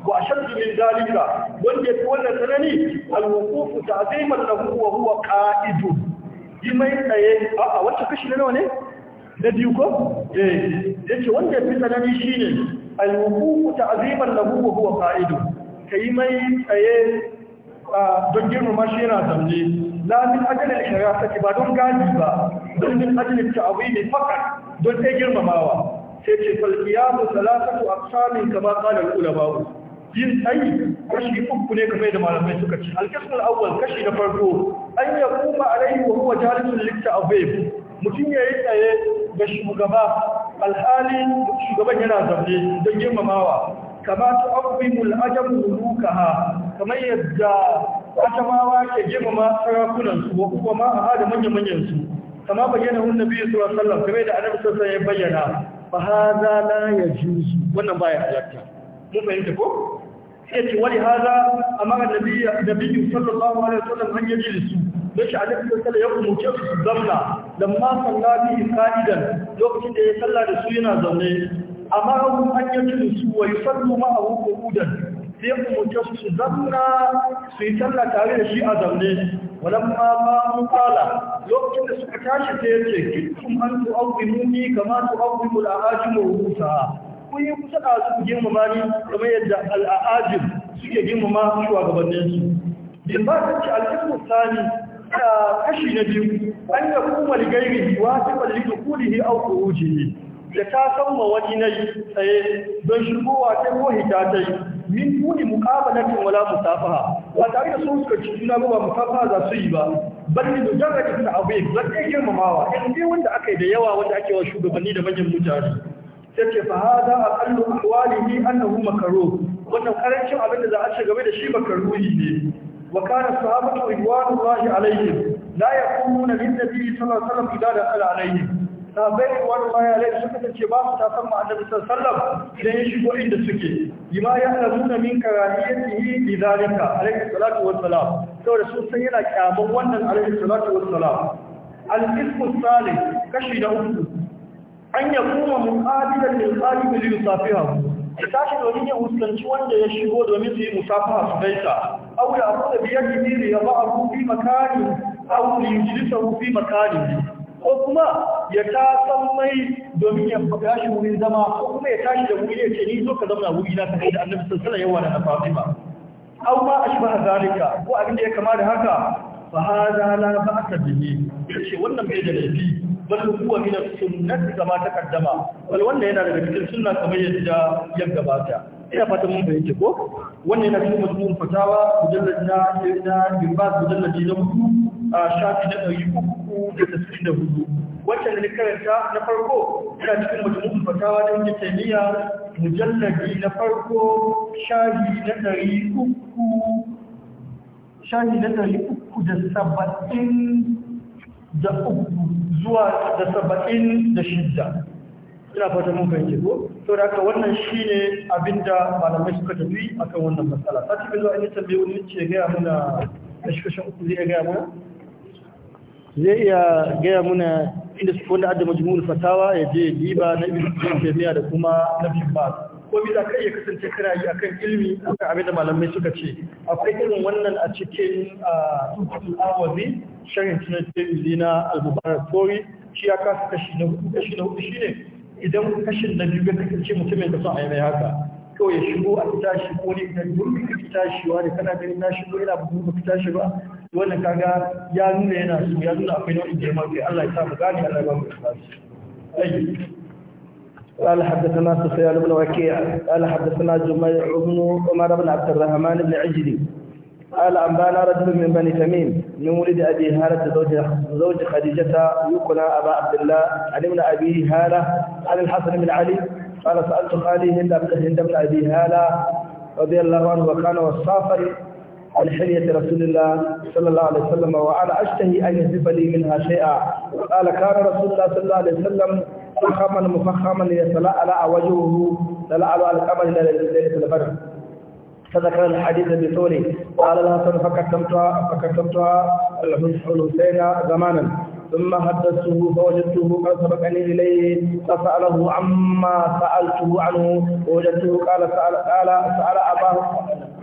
wa shaddu min zalika wanda ya Wannan tsanani al ta ta'ziman lahu wa huwa qa'idu mai tsaye a wacce kashi na nawa ne na biyu ko eh yace wanda ya fi tsanani shine al-wuqufu ta'ziman lahu wa huwa qa'idu kai mai tsaye don girmama shi yana zamne la min ajalil hirasati ba don gadi ba don min ajalil ta'wili fakat don sai girmamawa sai ce fal qiyamu salatu aqsamin kama qala ulama yin tsayi kashi uku ne kamar da malamai suka ce alkismul awwal kashi na farko an ya kuma alaihi wa huwa jalisun litta abayb mutum ya yi tsaye ga shugaba alhali shugaban yana zaune don girmamawa kama tu abimul ajam mulukaha kamar yadda atamawa ke girmama sarakunan su wa kuma ma a da manya manyan su kama bayyana hun nabi sallallahu alaihi wasallam kamar da annabi sallallahu alaihi wasallam ya bayyana na ya la su wannan baya halatta mun fahimta ko yace wani haza biyu nabiyyi nabiyyi sallallahu alaihi wasallam an yaji su dashi annabi sallallahu ya umuce su zamna lamma salla bi qaidan lokacin da ya salla da su yana zaune amarahu an yajlisu wa a ma'ahu qu'udan sai umurta su zanna su yi sallah tare da shi a zaune walamma ma mu kala lokacin da suka tashi sai yace kittum an tu'awwimuni kama tu'awwimu al-ahajimu rusa kun yi kusa da su girmama ni kamar yadda al suke girmama shugabanninsu in ba ta ce al Sani, sani kashi na biyu an yakuma kuma ghairihi wa ta li dukulihi aw wuce. da ta samma wani na tsaye don shigowa ta ko hita ta yi min duni muqabalatin wala musafaha ba tare da sun suka ci juna ba musafaha za su yi ba bal ni mujarrad ta'zim zan iya girmamawa in dai wanda aka da yawa wanda ake wa shugabanni da manyan mutane sai ce fa hada aqallu ahwalihi annahu makruh wannan karancin abin da za a ce game da shi makruhi ne wa kana sahabatu ridwanullahi alaihim la yaqumuna bin nabi sallallahu alaihi wasallam idada alaihim sabai wani baya lai suka tace ba su tasan ma'anar annabi idan ya shigo inda suke ma ya nuna min yi lidhalika alayhi salatu sau saboda sun yana kyaman wannan alayhi salatu wassalam al-ismu salim kashi da uku an ya da tsari da zai li yusafihahu ya tashi domin ya huskanci wanda ya shigo domin su yi musafa su gaisa aure abu da biyar gidi da ya ba a rufi makani yi rufi makani ko kuma ya tasan mai domin ya tashi wurin zama ko kuma ya tashi da wuri ya ce ni zo ka zama wuri na kai da annabi sallallahu alaihi wasallam na Fatima aw ma ashba zalika ko abin da ya kama da haka fa hada la ba'sa bihi shi wannan bai da laifi bal huwa min as-sunnati kama kaddama wal wannan yana daga cikin sunna kamar yadda ya gabata ina fata mun bayyana ko wannan yana cikin mazmun fatawa mujallad na na bin ba mujallad na shafi na ɗari uku da tasirin da hudu wacce ne karanta na farko yana cikin majalisar fatawa ta wajen taimiyya mujalladi na farko shafi na ɗari uku shafi na ɗari uku da saba'in da uku zuwa da saba'in da shidda ina fata mun fahimci ko to da haka wannan shine abinda malamai suka tafi a kan wannan matsala sati bin zuwa in tambaye wani ce ga muna kashe kashen uku zai gaya mana zai iya gaya muna inda su wanda adda majmu'ul fatawa ya je diba na ibn taymiya da kuma na ba. ko za ka iya kasance kana yi akan ilmi akan abin da malamai suka ce akwai irin wannan a cikin tubatul awazi sharhin tunan na al-mubarak tori shi ya kasa kashi na hudu kashi na hudu shine idan kashin na biyu ya kasance mutumin da son a yi mai haka kawai ya shigo a fita shi ko ne idan gurbin ka fita shi ne kana ganin na shigo ina ba ka fita shi ba wannan kaga ya nuna yana so ya nuna akwai nau'in girma kai Allah ya sa mu gane Allah ya ba mu ikhlasi ayi قال حدثنا سفيان بن وكيع قال حدثنا جميع بن عمر بن عبد الرحمن بن عجلي قال أنبانا رجل من بني تميم من ولد أبي هالة زوج زوج خديجة يقنى أبا عبد الله عن ابن أبي هالة عن الحسن بن علي قال سألت خالي هند بن أبي هالة رضي الله عنه وكان وصافا عن حلية رسول الله صلى الله عليه وسلم وأنا أشتهي أن يصف لي منها شيئا قال كان رسول الله صلى الله عليه وسلم فخما مفخما على وجهه الأمر إلى ليلة البدر فذكر الحديث بطوله قال الحسن فكتمتها فكتمتها الحسين زمانا ثم حدثته فوجدته قد سبقني اليه فساله عما سالته عنه ووجدته قال سال قال سال اباه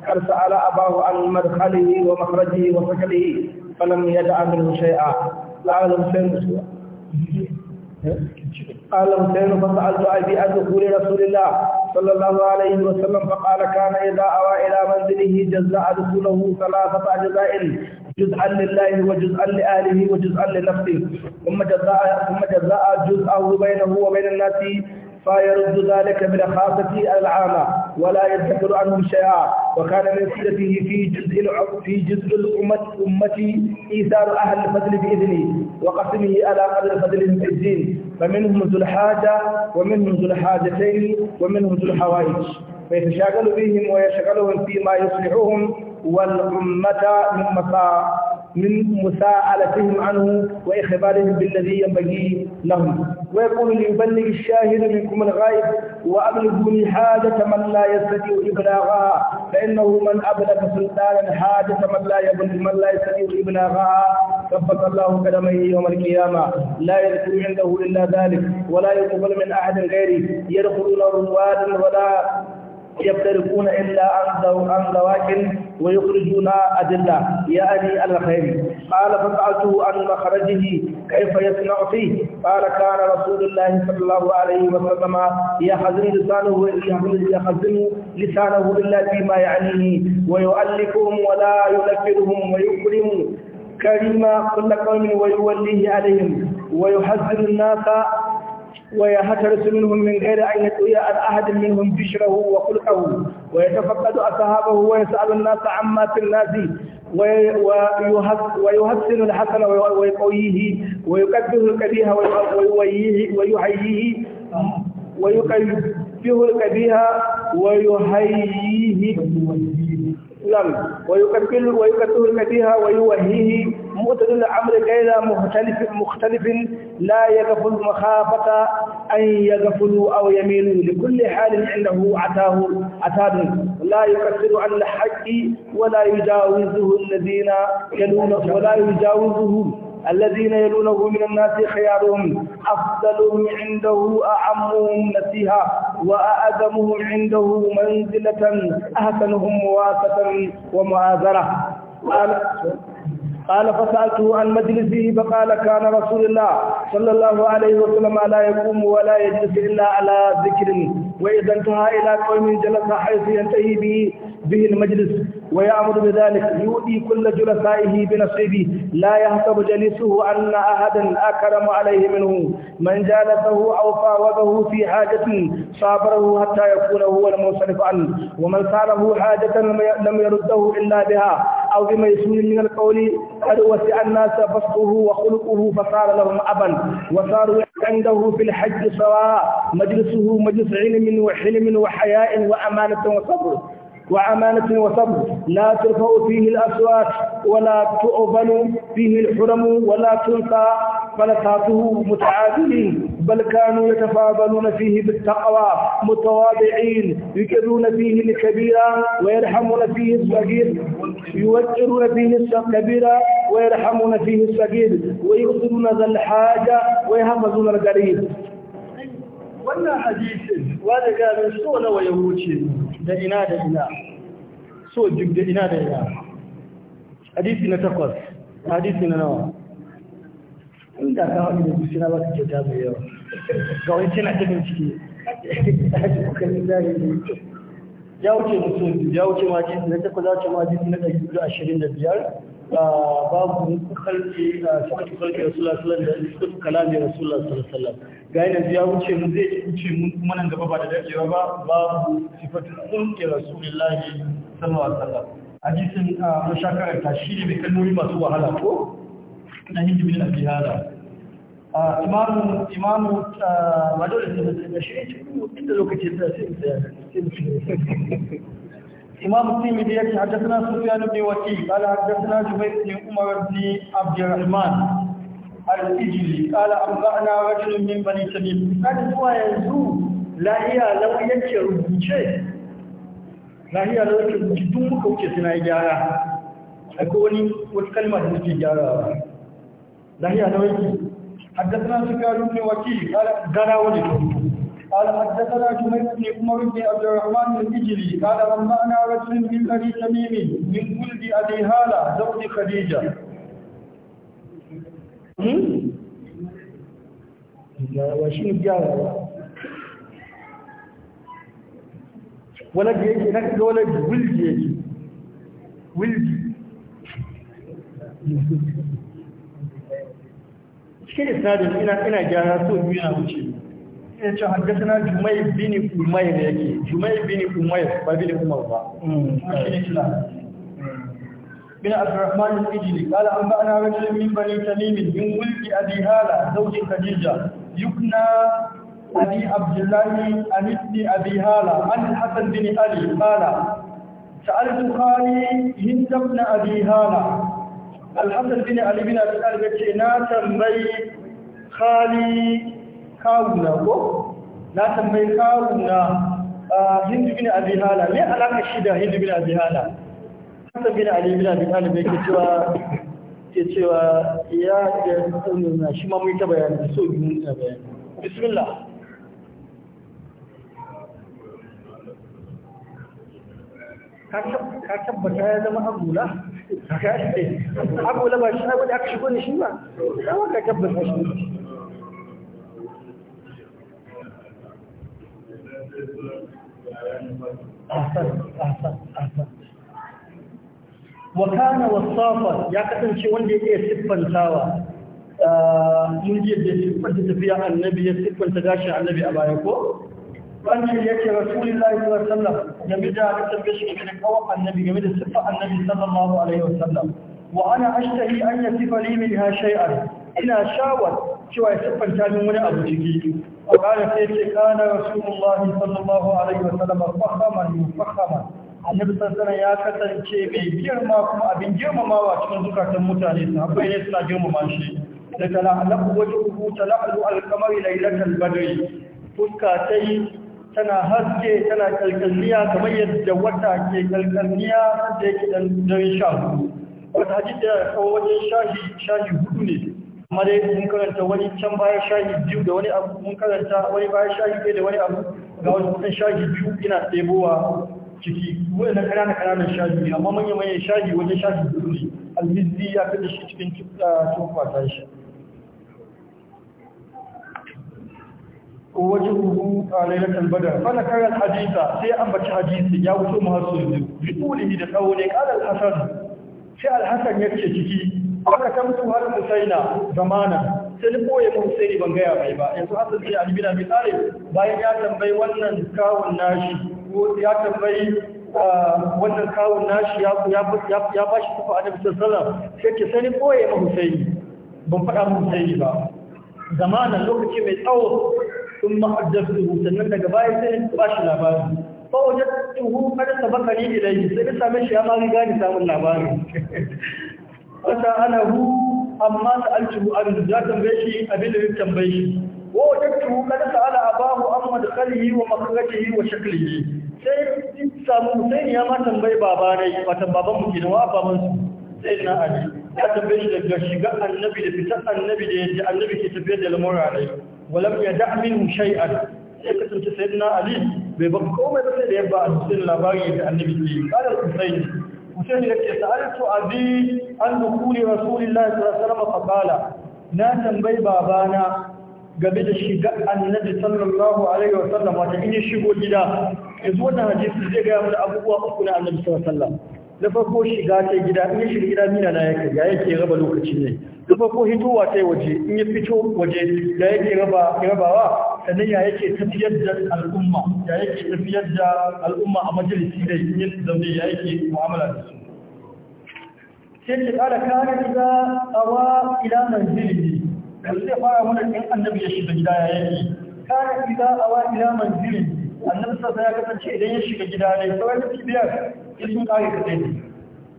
قد سأل أباه عن مدخله ومخرجه وسكنه فلم يدع منه شيئا قال حسين قال حسين فسألت أبي عن دخول رسول الله صلى الله عليه وسلم فقال كان إذا أوى إلى منزله جزاء دخوله ثلاثة أجزاء جزءا لله وجزءا لأهله وجزءا لنفسه ثم جزاء ثم جزاء جزءه بينه وبين الناس فيرد ذلك من خاصتي العامة ولا يذكر عنهم شيئا وكان من سيرته في جزء في جزء الأمة أمتي إيثار أهل الفضل بإذنه وقسمه على قدر فضل في الدين فمنهم ذو الحاجة ومنهم ذو الحاجتين ومنهم ذو الحوائج فيتشاغل بهم ويشغلهم فيما يصلحهم والأمة من مصائب من مساءلتهم عنه وإخبارهم بالذي ينبغي لهم ويقول ليبلغ الشاهد منكم الغائب وأبلغوني حاجة من لا يستطيع إبلاغها فإنه من أبلغ سلطانا حاجة من لا يبلغ من لا يستطيع إبلاغها ثبت الله قدمه يوم القيامة لا يذكر عنده إلا ذلك ولا يقبل من أحد غيره يدخل له ولا يفترقون إلا عن ذواك ويخرجون أدلة يا أبي الخير قال فسألته عن مخرجه كيف يصنع فيه قال كان رسول الله صلى الله عليه وسلم يحزن لسانه يحزن لسانه إلا فيما يعنيه ويؤلفهم ولا ينكرهم ويكرم كريم كل قوم ويوليه عليهم ويحزن الناس ويهترس منهم من غير أن يطوي على أحد منهم بشره وخلقه ويتفقد أصحابه ويسأل الناس عما في الناس ويحسن الحسن ويقويه ويكبه الكبيه ويحييه ويحييه ويكبه الكبيه ويحييه الإسلام ويكفل ويكفل فيها ويوهيه مؤتد الأمر غير مختلف مختلف لا يغفل مخافة أن يغفل أو يميل لكل حال عنده عتاه أتاه لا يكفر عن الحق ولا يجاوزه الذين يلونه ولا يجاوزه الذين يلونه من الناس خيارهم أفضلهم عنده أعمهم نسيها وأأدمهم عنده منزلة أحسنهم مواسة ومؤازرة قال قال فسألته عن مجلسه فقال كان رسول الله صلى الله عليه وسلم لا يقوم ولا يجلس إلا على ذكر وإذا انتهى إلى قوم جلس حيث ينتهي به, به المجلس ويعمل بذلك يؤدي كل جلسائه بنصيبه لا يهتم جليسه أن أحدا أكرم عليه منه من جالسه أو فاوضه في حاجة صابره حتى يكون هو المنصرف عنه ومن ساله حاجة لم يرده إلا بها أو بميسور من القول قد وسع الناس بسطه وخلقه فصار لهم أبا وصاروا عنده في الحج سواء مجلسه مجلس علم وحلم وحياء وأمانة وصبر وأمانة وصبر لا ترفع فيه الأصوات ولا تؤبن فيه الحرم ولا تلقى فلقاته متعادلين بل كانوا يتفاضلون فيه بالتقوى متواضعين يكرون فيه الكبيرة ويرحمون فيه الصغير يوقرون فيه الكبيرة ويرحمون فيه الصغير ويؤثرون ذا الحاجة ويحفظون القريب wannan hadisin wani gane so nawa ya wuce da ina da ina so duk da ina da ina hadisi na takwas hadisi na nawa inda ka haɗu da gusi ba ka kyauta mai yawa ga wani tana ta bincike ya wuce mutum ya wuce ma hadisi na takwas ya wuce ma hadisi na ɗari babu kalki shi kalki rasulullah sallallahu da wasallam kalami rasulullah sallallahu alaihi wasallam ga yana ya wuce mun zai wuce mun kuma nan gaba ba da dadewa ba babu sifatul kulki rasulullah sallallahu alaihi wasallam hadisin mun sha karanta shi mai kalmomi masu wahala ko na hindi min al-bihada imamu imamu ba dole sai da shi ne inda lokacin da sai da sai إمام الترمذي يأتي حدثنا سفيان بن وكيل قال حدثنا جبير بن عمر بن عبد الرحمن الإجلي قال أنبأنا رجل من بني تميم كان هو يزور lahiya lau yake rubuce lahiya lau yake rubuce tun muka wuce suna yi gyara akwai wani wata kalma da nake gyara lahiya lau yake haddasa su karu ne waki gara wani tuntun قال حدثنا جميل بن عمر بن عبد الرحمن الإجلي قال رمأنا رجل من أبي تميم من ولد أبي هالة زوج خديجة وشين جاوة ولد يجي نكت ولد ولد يجي ولد مشكلة isnadin ina ina gyara so biyu na ya ce haddathana jumai bin umayr yake jumai bin umayr ba bin umar ba hmm. bin abdurrahman al-ijli qala an ba'ana rajulan min bani tamim min ulki abi hala zawji khadija yukna abi abdullah an ibni hala an hasan bin ali qala sa'altu khali hind ibn abi hala al-hasan ali bin abi hala na tambayi khali kawuna ko na tambayi kawuna hindu bin abi hala me alaka shida hindu bin abi hala hasan bin ali bin abi talib yake cewa ke cewa ya da tsaununa shi ma mun ta bayani so mun ta bayani bismillah ka tabbata ya zama agula agula ba shi aka shigo ni shi ba ka tabbata shi وكان وصافا يا كتن شي وندي يي إيه سيفن تاوا آه، ا من جي دي سيفن تفيا النبي يي سيفن تداش النبي ابا يكو وان شي يكي رسول الله صلى الله عليه وسلم جميع جاء تبش من قوا النبي جميع الصفه النبي صلى الله عليه وسلم وانا اشتهي ان يصف لي منها شيئا الى شاوت cewa ya siffanta min wani abu ciki a ƙara sai ce kana rasulullahi sallallahu alaihi wa sallam fahaman min fahaman annabi sassana ya kasance mai girma kuma abin girmamawa cikin zukatan mutane su haɓɓai ne suna girmama shi da tala'alaku wajen uku tala'alu alkamari lailatul badri fuska ta tana haske tana kalkalniya kamar yadda wata ke kalkalniya da yake dan dare sha hudu wata hadisi da kawo wajen shahi shahi hudu ne kuma dai mun karanta wani can baya shahi biyu da wani abu mun karanta wani baya shahi ɗaya da wani abu ga wani kusan shahi biyu ina ɗebowa ciki na ƙananan ƙananan shahi ne amma manyan manyan shahi wajen shahi biyu ne almizzi ya fi da shi cikin ah, tufa ta shi wajen ruhu a ah, lailatan badar fana karar hadisa sai an baci hadisi ya wuce mu har sau biyu bi da tsawo ne ƙarar hasan sai alhassan ya ce ciki aka kan mutum har Husaina zamana sai ni boye mu Husaini ban gaya mai ba yanzu Hassan sai Ali bin Abi Talib bayan ya tambayi wannan kawun nashi ko ya tambayi ah, wannan kawun nashi ya ya ya bashi kufa Annabi sallallahu alaihi wasallam sai ke sai ni boye mu Husaini ban faɗa mu Husaini ba Zamana lokaci mai tsawo sun ma'addabtuhu sannan daga baya sai ba shi labari fa tuhu kada sabaqani ilai sai da same shi ya ma riga ni samun labari wata hu amma sa'altuhu an ta tambaye shi abin da ya tambaye shi wa wajadtuhu kada sa'ala abahu amma da dakhalihi wa makhrajihi wa shaklihi sai samu sai ya ma tambaye baba ne wata baban mu kenan wa baban su sai na ali ya tambayi shi daga shiga annabi da fitar annabi da yadda annabi ke tafiyar da lamura ne walam yada' minhu shay'an sai kasance na ali bai ba komai ba sai da yabba a cikin labarin da annabi ke yi kada su sai mutum yake sa'altu abi an dukuri rasulullahi sallallahu alaihi wasallam na tambayi babana game da shiga annabi sallallahu alaihi wasallam wata in shigo gida yanzu wannan hadisi zai gaya mana abubuwa uku na annabi sallallahu alaihi na farko shiga ta gida in ya shiga gida mina na yake ya yake raba lokaci ne na farko hitowa ta waje in ya fito waje ya yake raba rabawa sannan ya yake tafiyar da al'umma ya yake tafiyar da al'umma a majalisi da yin zaune ya yake mu'amala da su sai ce kara kare da awa ila manzili yanzu zai fara mana in annabi ya shiga gida ya yake kare gida awa ila manzili annabi sassa ya kasance idan ya shiga gida ne sauran minti biyar in sun kare ka sai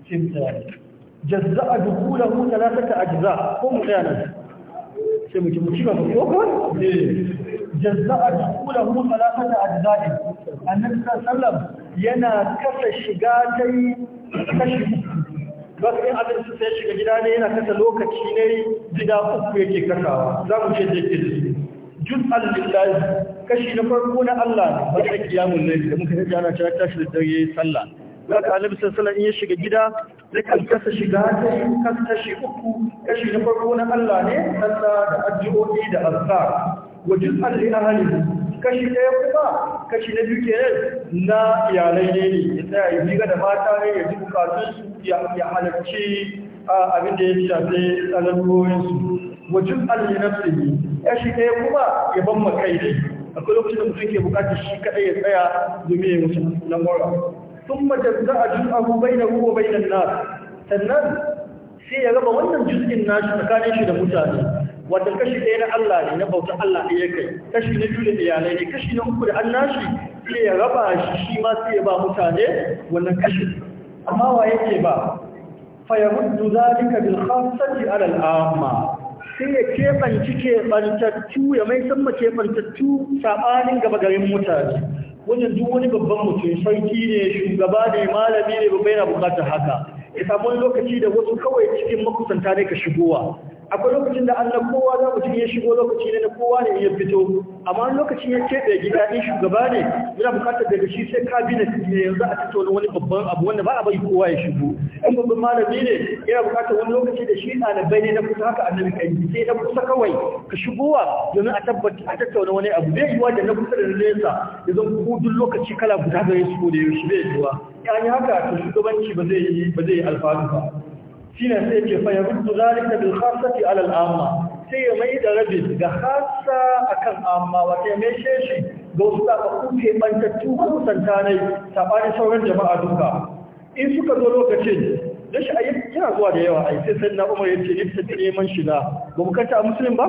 sai mu tsaya ne jazza a dubu da mu talatata a jizza ko mu tsaya nan sai mu ci mu ci gaba ko ko eh. jazza a dubu da mu talatata a jizza ne annabi sallam yana kasa shiga ta yi kashi wasu yin abin su sai shiga gida ne yana kasa lokaci ne gida uku yake kasawa za mu ce da ke juz'an lillahi kashi na farko na Allah ba da kiyamun laili da muka tafi ana cewa tashi da dare sallah ka annabi sallallahu in ya shiga gida zai kan kasa shiga kashi uku kashi na farko na Allah ne sallah da addu'o'i da azkar wa juz'an li ahli kashi ya kuma kashi na duke na iyalai ne ne ya tsaya ya biga da mata ne ya ji bukatun ya halarci abin da ya shafi tsanannoyinsu wa juz'an li nafsihi ya shi ɗaya kuma ya ban ma kai ne akwai lokacin da mutum ke bukatar shi kaɗai ya tsaya domin ya mutu lamura thumma jazza'a juz'ahu bainahu wa bainan nasu, sannan sai ya raba wannan juz'in nashi tsakanin shi da mutane wata kashi ɗaya na Allah ne na bautar Allah ɗaya kai kashi na biyu da iyalai ne kashi na uku da an nashi sai ya raba shi shi ma sai ya ba mutane wannan kashi amma wa yake ba fa yamuddu zalika bil khassati ala al amma sai ya keɓanci keɓantattu ya mai san keɓantattu saɓanin gaba garin mutane wannan duk wani babban mutum sarki ne shugaba ne malami ne babba yana bukatar haka ya samu lokaci da wasu kawai cikin makusanta ne ka shigowa akwai lokacin da Allah kowa za mutum ya shigo lokaci ne na kowa ne ya fito amma lokacin ya ce da gida ɗin shugaba ne yana bukatar daga shi sai kabinet ne yanzu a tattauna wani babban abu wanda ba a bari kowa ya shigo in babban malami ne yana bukatar wani lokaci da shi ɗalibai ne na kusa haka annabi kai sai na kusa kawai ka shigowa domin a tabbata a tattauna wani abu bai yiwa da na kusa da nesa ya zan ku duk lokaci kala guda ga su ko da yaushe bai yiwa an haka to shugabanci ba zai yi ba zai alfanu ba shine sai yake fa ya rubu zalika bil khassati ala al sai ya mai da rabi ga khassa akan amma wata ya mai shi ga wasu da ku ke bantattu ko santanai sauran jama'a duka in suka zo lokacin da shi ayyuka zuwa da yawa ai sai sai na Umar yace ibtadi neman shiga ba mu kanta a musulun ba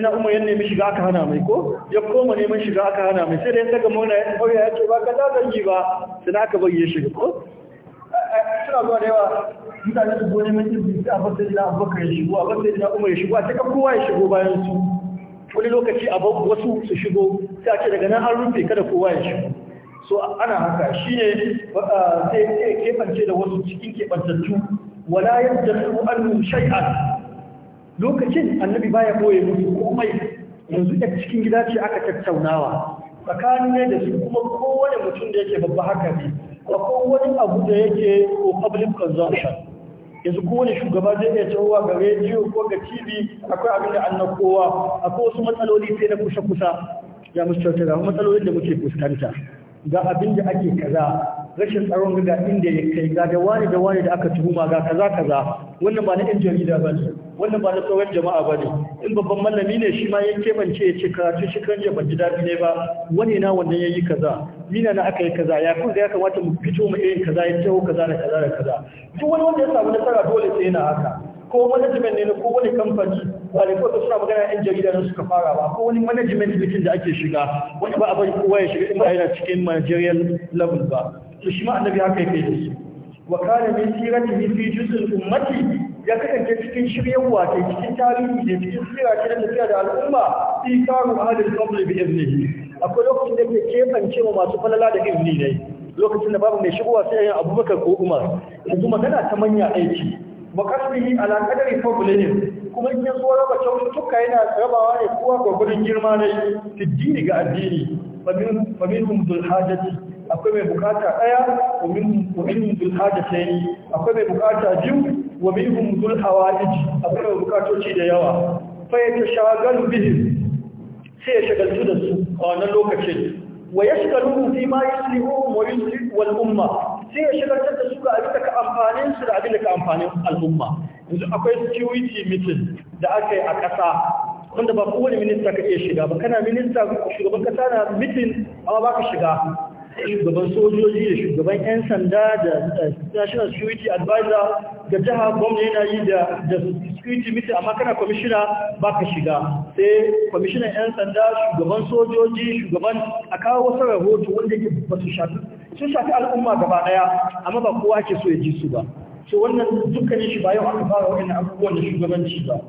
na umar ya nemi shiga aka hana mai ko ya koma neman shiga aka hana mai sai da ya saka mona ya ya ce ba ka zaɓar yi ba sai na aka bayyana shiga ko suna zuwa da yawa mutane su goyi mai izini sai a basir na ya shigo a basir na umar ya shigo a cikin kowa ya shigo bayan su wani lokaci a wasu su shigo sai a ce daga nan an rufe kada kowa ya shigo so ana haka shi ne sai keɓance da wasu cikin keɓantattu wala yadda su an shai'an lokacin annabi baya boye musu komai yanzu da cikin gida ce aka tattaunawa tsakanin ne da su kuma kowane mutum da yake babba haka ne ba kowane abu da yake ko public consumption yanzu kowane shugaba zai iya cewa ga rediyo ko ga tv akwai abin da annan kowa akwai wasu matsaloli sai na kusa-kusa ya musu kyautar matsalolin da muke fuskanta ga abin da ake kaza rashin tsaron ga inda ya kai ga da wani da wani da aka tuhuma ga kaza kaza wannan ba na ɗan jarida ba ne wannan ba na tsawon jama'a ba ne in babban mallami ne shi ma ya kebance ya ce karatu shi kan ban ji daɗi ne ba wani na wannan ya yi kaza mina na aka yi kaza ya kun ya kamata mu fito mu irin kaza ya taho kaza da kaza da kaza duk wani wanda ya samu nasara dole sai yana haka ko management ne ko wani kamfani ba ne ko suna magana yan jarida ne suka fara ba ko wani management bikin da ake shiga wani ba a bari kowa ya shiga ina yana cikin managerial level ba to shi ma annabi haka yake da su wa kana min min fi juz'il ummati ya kasance cikin shiryarwa ta cikin tarihi da cikin sirra ta da tafiya da al'umma fi karu ahlul qabl bi ibnihi akwai lokacin da ke kebance ma masu falala da ibni ne lokacin da babu mai shigowa sai ayin abubakar ko umar yanzu magana ta manya aiki wa kasbihi ala ko fadlihim kuma in yaso raba kyaututtuka yana rabawa ne kuwa gurgurin girma ne tiddini ga addini fa minhum dhul hajati akwai mai bukata daya wa minhum wa minhum akwai mai bukata biyu wa minhum dhul hawaij akwai mai bukatoci da yawa fa shagal bihin sai ya shagaltu da su a wannan lokacin wa yashgalu fi ma yuslihu wa yuslihu wal umma sai ya shigartar da suka ga abin da ka amfanin su da abin da ka amfanin al'umma yanzu akwai security meeting da aka yi a ƙasa wanda ba kowane minista ka iya shiga ba kana minista shugaban ƙasa na meeting amma ba ka shiga shugaban sojoji da shugaban 'yan sanda da national security advisor ga jiha gwamna yana yi da security meeting amma kana kwamishina ba ka shiga sai kwamishinan 'yan sanda shugaban sojoji shugaban a kawo wasu rahoto wanda yake ba su shafi sun shafi al'umma gaba daya amma ba kowa ke so ya ji su ba so wannan dukkanin shi ba yau aka fara wani abubuwan da shugabanci ba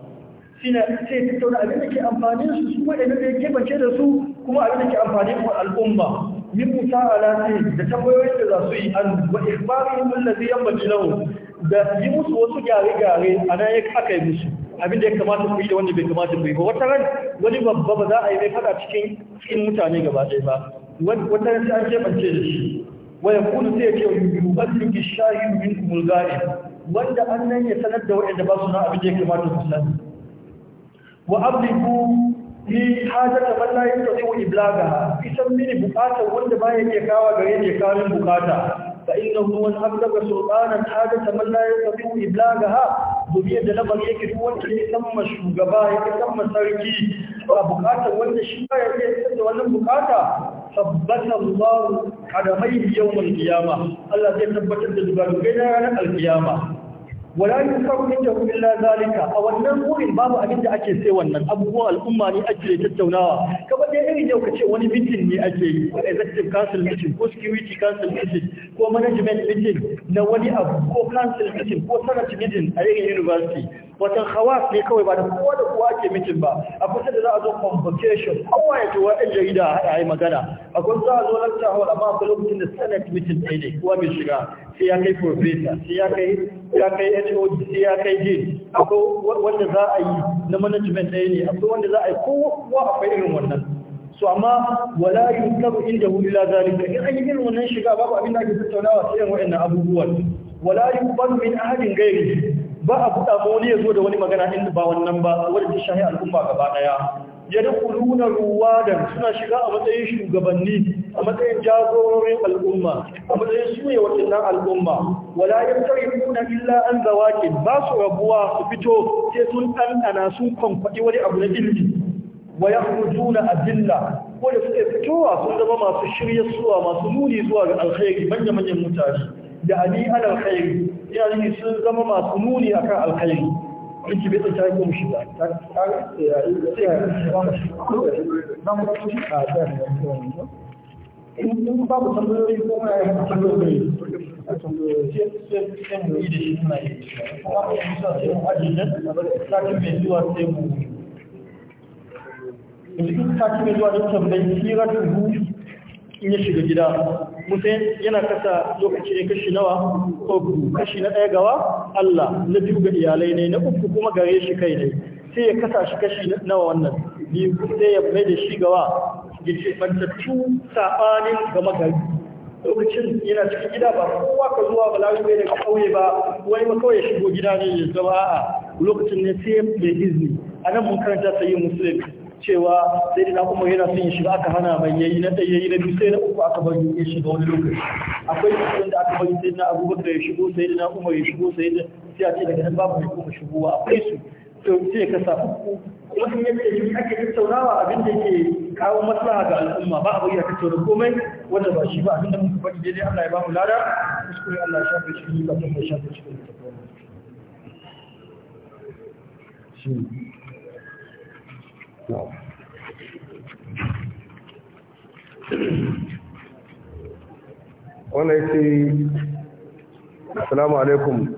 sina sai tattauna abin da ke amfani su su idan da ya kebance da su kuma abin da ke amfani wa al'umma min ala sai da tambayoyin da za su yi an wa ikhbarihim allazi yamma lahum da yi musu wasu gyare-gyare a nan ya kaka yi musu abin da ya kamata ku yi da wanda bai kamata ku yi ba wata ran wani babba ba za a yi mai fada cikin cikin mutane gaba ɗaya ba wata ran sai an keɓance da shi waya kudu sai ya ce yuyu basu ki shahi min kumul gari wanda an nan ya sanar da waɗanda ba su na abin da ya kamata ku sani wa ku ni hajar da mallayin da zai wa blaga isan mini bukatar wanda ba ya iya kawo gare ne kawo bukata فإنه من أبلغ سلطانا حاجة من لا يستطيع ha domin da lamar yake duk wanda ya san shugaba ya san sarki ba bukatar wanda shi ba ya iya da wannan bukata tabbata Allah kadamai yawmal kiyama Allah zai tabbatar da dubarukai na ranar alkiyama wala yusaru indahu illa zalika a wannan wurin babu abin da ake sai wannan abubuwan al'umma ne ake tattaunawa kaba dai irin yau ce wani meeting ne ake yi ko executive council meeting ko security council meeting ko management meeting na wani abu ko council meeting ko senate meeting a irin university watan hawas ne kawai ba da kowa da kowa ake mitin ba a kusa da za a zo convocation kowa ya ce yan jarida a haɗa a yi magana a kun za a zo nan ta hawa amma akwai lokacin da senate mitin ɗaya ne kowa mai shiga sai ya kai professor sai ya kai ya kai hod sai ya kai dean akwai wanda za a yi na management ɗaya ne akwai wanda za a yi kowa akwai irin wannan su amma wala yi yunkaru inda hu ila zalika in an yi irin wannan shiga babu abin da ake tattaunawa sai irin waɗannan abubuwan wala yi yuqbalu min ahadin ghairi ba a buɗa ba wani ya zo da wani magana inda ba wannan ba wadda ta shahi al'umma gaba ɗaya ya da kuluna da suna shiga a matsayin shugabanni a matsayin jagororin al'umma a matsayin su ne waɗannan al'umma wala ya tsari illa an zawakin ba su rabuwa su fito sai sun ɗanɗana sun kwankwaɗi wani abu na ilmi wa ya hujuna adilla ko da suke fitowa sun zama masu shirya suwa masu nuni zuwa ga alkhairi manya-manyan mutane da ali ala alkhairi ya nufin sun zama masu muni akan alkhairi yake bai tsaya ko mushi ba ba ba mu mai zuwa don tambayi sirar in ya shiga gida musayin yana kasa lokaci ne kashi nawa ko kashi na ɗaya gawa Allah na biyu ga iyalai ne na uku kuma gare shi kai ne sai ya kasa shi kashi nawa wannan biyu sai ya mai da shi gawa bantattu saɓanin gama gari lokacin yana cikin gida ba kowa ka zuwa ba lafi bai daga kauye ba wani ma kawai shigo gida ne ya zama a lokacin ne sai mai izini a nan mun karanta sayi musulmi cewa sai da kuma yana son ya shiga aka hana mai yayi na ɗaya yayi na biyu sai na uku aka bari ya shiga wani lokaci akwai wanda aka bari sai na abubakar ya shigo sai na umar ya shigo sai da sai a ce daga nan babu ya kuma shigowa akwai su sai ka sa ku kuma sun yadda yi ake tattaunawa abin da ke kawo maslaha ga al'umma ba a bayyana tattauna komai wanda ba shi ba abin da muka faɗi daidai Allah ya ba mu lada kuskure Allah ya shafe shi ba ta shafe shi Thank you. wannan ce assalamu alaikum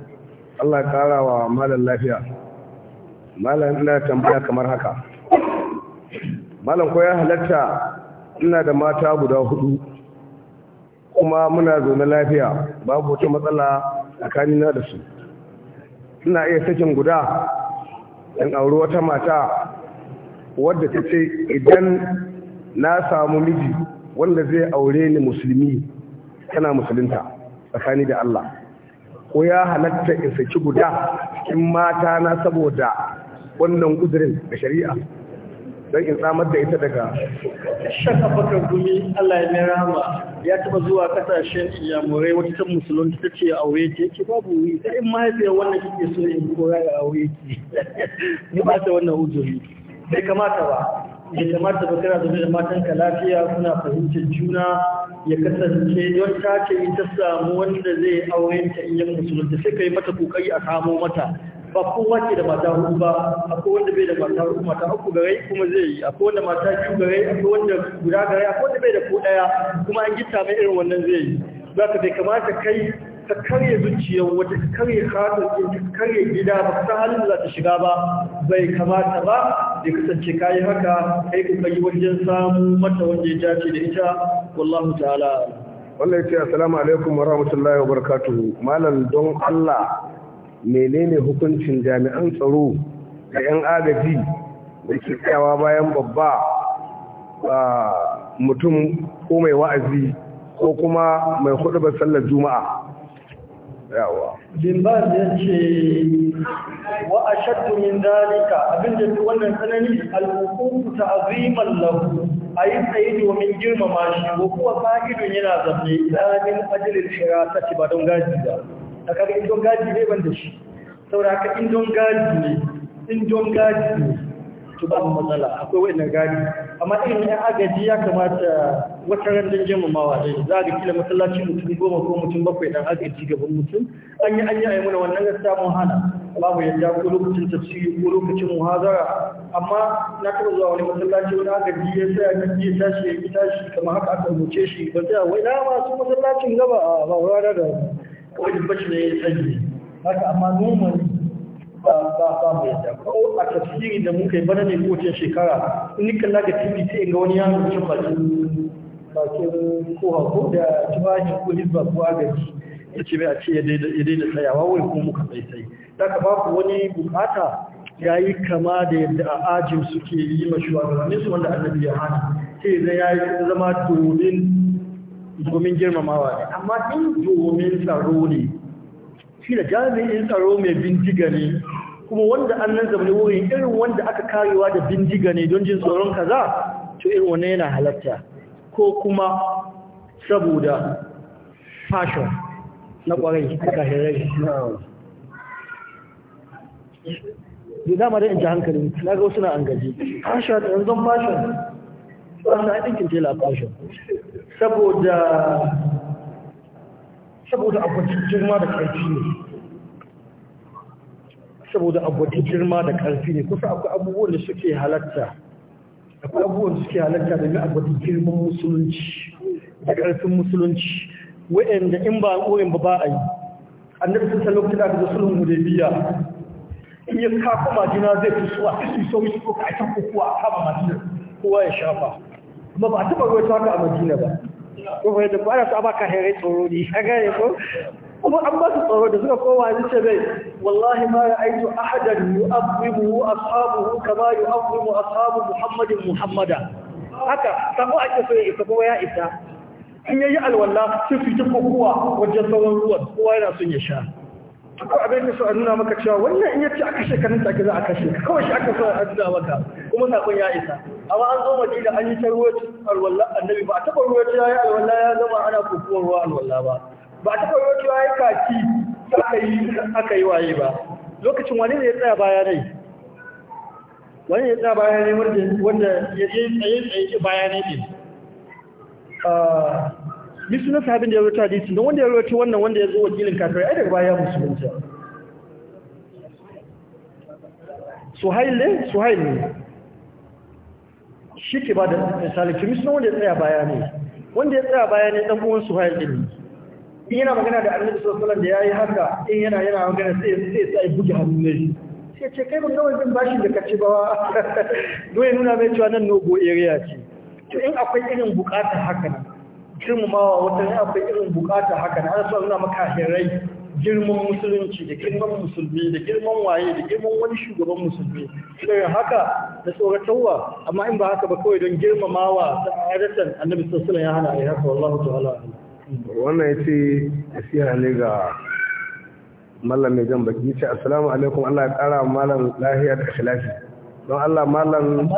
Allah kara wa malam lafiya malam ina tambaya kamar haka malam ko ya halatta ina da mata guda hudu kuma muna zaune lafiya babu wata matsala tsakanina da su ina iya sakin guda in auri wata mata wadda ta ce idan na samu miji wanda zai aure ni musulmi tana musulunta tsakani da Allah ko ya halatta in saki guda cikin mata na saboda wannan gudurin da shari'a don in tsamar da ita daga shaka bakar gumi Allah ya mai rama ya taba zuwa kasashen yamurai wata ta musulunci ta ce aure ce ke babu wuri sai in mahaifiyar wannan kike so in kora ya aure ki ni ba ta wannan hujjoji bai kamata ba ya kamata ba kana zaune da matanka lafiya kuna fahimtar juna ya kasance don ta ce ita samu wanda zai auren ta in yan musulunta sai ka yi mata kokari a samo mata ba kowa ke da mata huɗu ba akwai wanda bai da mata hudu mata uku garai kuma zai yi akwai wanda mata biyu garai akwai wanda guda garai akwai wanda bai da ko daya kuma an gitta mai irin wannan zai yi za ka bai kamata kai ta karye zuciyar wata ta karye kasuwancin ta karye gida ba ta halin da za ta shiga ba bai kamata ba da kasance ka yi haka kai kai wajen samu mata wanda ya dace da ita wallahu ta'ala wallahi ta assalamu alaikum wa rahmatullahi wa barakatuhu malam don Allah menene hukuncin jami'an tsaro da yan agaji da ke tsayawa bayan babba mutum ko mai wa'azi ko kuma mai hudu sallar juma'a yawa limbaz ya ce wa a shaddu min dalika da duk wannan tsanani al'ukuku ta aziman lahu a yi tsaye domin girmama shi ko kuwa fa'idun yana zafi tsanin ajalin shira ta ci ba don gaji ba a kaga indon gaji ne ban da shi saboda haka indon gaji ne indon gaji ne to ba mu matsala akwai wani gari amma irin ya agaji ya kamata wata randun jimamawa ne za ga kila masallaci mutum goma ko mutum bakwai dan agaji gaban mutum an yi anya yi ayi muna wannan gaskiya mun hana babu yadda ko lokacin tafsiri ko lokacin muhazara amma na taɓa zuwa wani masallaci wani agaji ya tsaya ya tashi ya tashi kamar haka aka rubuce shi ba tsaya wai na masu masallacin gaba a ba rana da kawai bacci ne ya tsaye haka amma normally ba mu yadda ko a tafsiri da muka yi bana ne kowace shekara in ni kalla ga tv sai in ga wani yaro cikin bakin bakin koha ko da tubahin ko hizba ko agaji ya ce a ce ya daida tsayawa wai ko muka tsaye tsaye da ka ba ku. wani bukata ya yi kama da yadda a ajin suke yi ma shugabannin su wanda annabi ya hana sai zai ya yi zama domin domin girmamawa ne amma in domin tsaro ne kila jami'in tsaro mai bindiga ne kuma wanda an nan zama wurin irin wanda aka karewa da bindiga ne don jin tsoron kaza to irin wane yana halatta ko kuma saboda fashon na kwarai a kahirai da dama da in ji hankalin na ga na an gaji da yanzu fashon wanda a ɗinkin tela fashion saboda saboda abincin girma da ƙarfi ne saboda abokin girma da ƙarfi ne kusa akwai abubuwan da suke halatta akwai abubuwan da suke halatta da mai abokin girman musulunci da ƙarfin musulunci da in ba ƙorin ba ba a yi annabi sun san lokacin da musulun hudebiya in ya kafa majina zai fi suwa a su sauyi su ka aka kukuwa a kama majina kowa ya shafa kuma ba a taɓa ruwa ta haka a majina ba ko fa yadda ba ta ba ka hairai tsoro ne a gane ko kuma an ba su tsoro da suka koma su ce bai wallahi ma ya aitu ahadan yu'azzimu ashabuhu kama yu'azzimu ashabu muhammadin muhammada haka sako ake so ya isa kuma ya isa in yi alwala sai su ji kokowa wajen sauran ruwan kowa yana son ya sha ko abin da so a nuna maka cewa wannan in ce aka shekarun take za a kashe kawai shi aka so a nuna maka kuma sakon ya isa amma an zo madina an yi ta ruwa alwala annabi ba a taba ruwa ya yi alwala ya zama ana kokuwar ruwa alwala ba ba a kawo rokewa ya kaki aka yi waye ba lokacin wani ne ya tsaya baya ne? wani ya tsaya baya ne wanda ya tsaye tsaye baya ne ɗin ah, na sunan sahabin da ya rota hadisin don wanda ya rota wannan wanda ya zo wakilin kafirai ai daga baya musulunci suhail ne suhail ne shi ke ba da misali kimi sunan wanda ya tsaya baya ne wanda ya tsaya baya ne ɗan uwan suhail ɗin ne in yana magana da annabi sallallahu alaihi da yayi haka in yana yana magana sai sai sai buge hannu ne sai ce kai ban ga wannan bashi da kace ba doye nuna mai cewa nan nogo area ce to in akwai irin bukata haka nan girmamawa wata ne akwai irin bukata haka nan ana so nuna maka hirai girman musulunci da girman musulmi da girman waye da girman wani shugaban musulmi sai haka da tsoratarwa amma in ba haka ba kawai don girmamawa sa'adatan annabi sallallahu alaihi wasallam ya hana ai haka wallahi ta'ala wannan ya ce siya ne ga mallam mai jan baki ce assalamu alaikum Allah ya kara mallam lahiya da ikhlasi don Allah mallam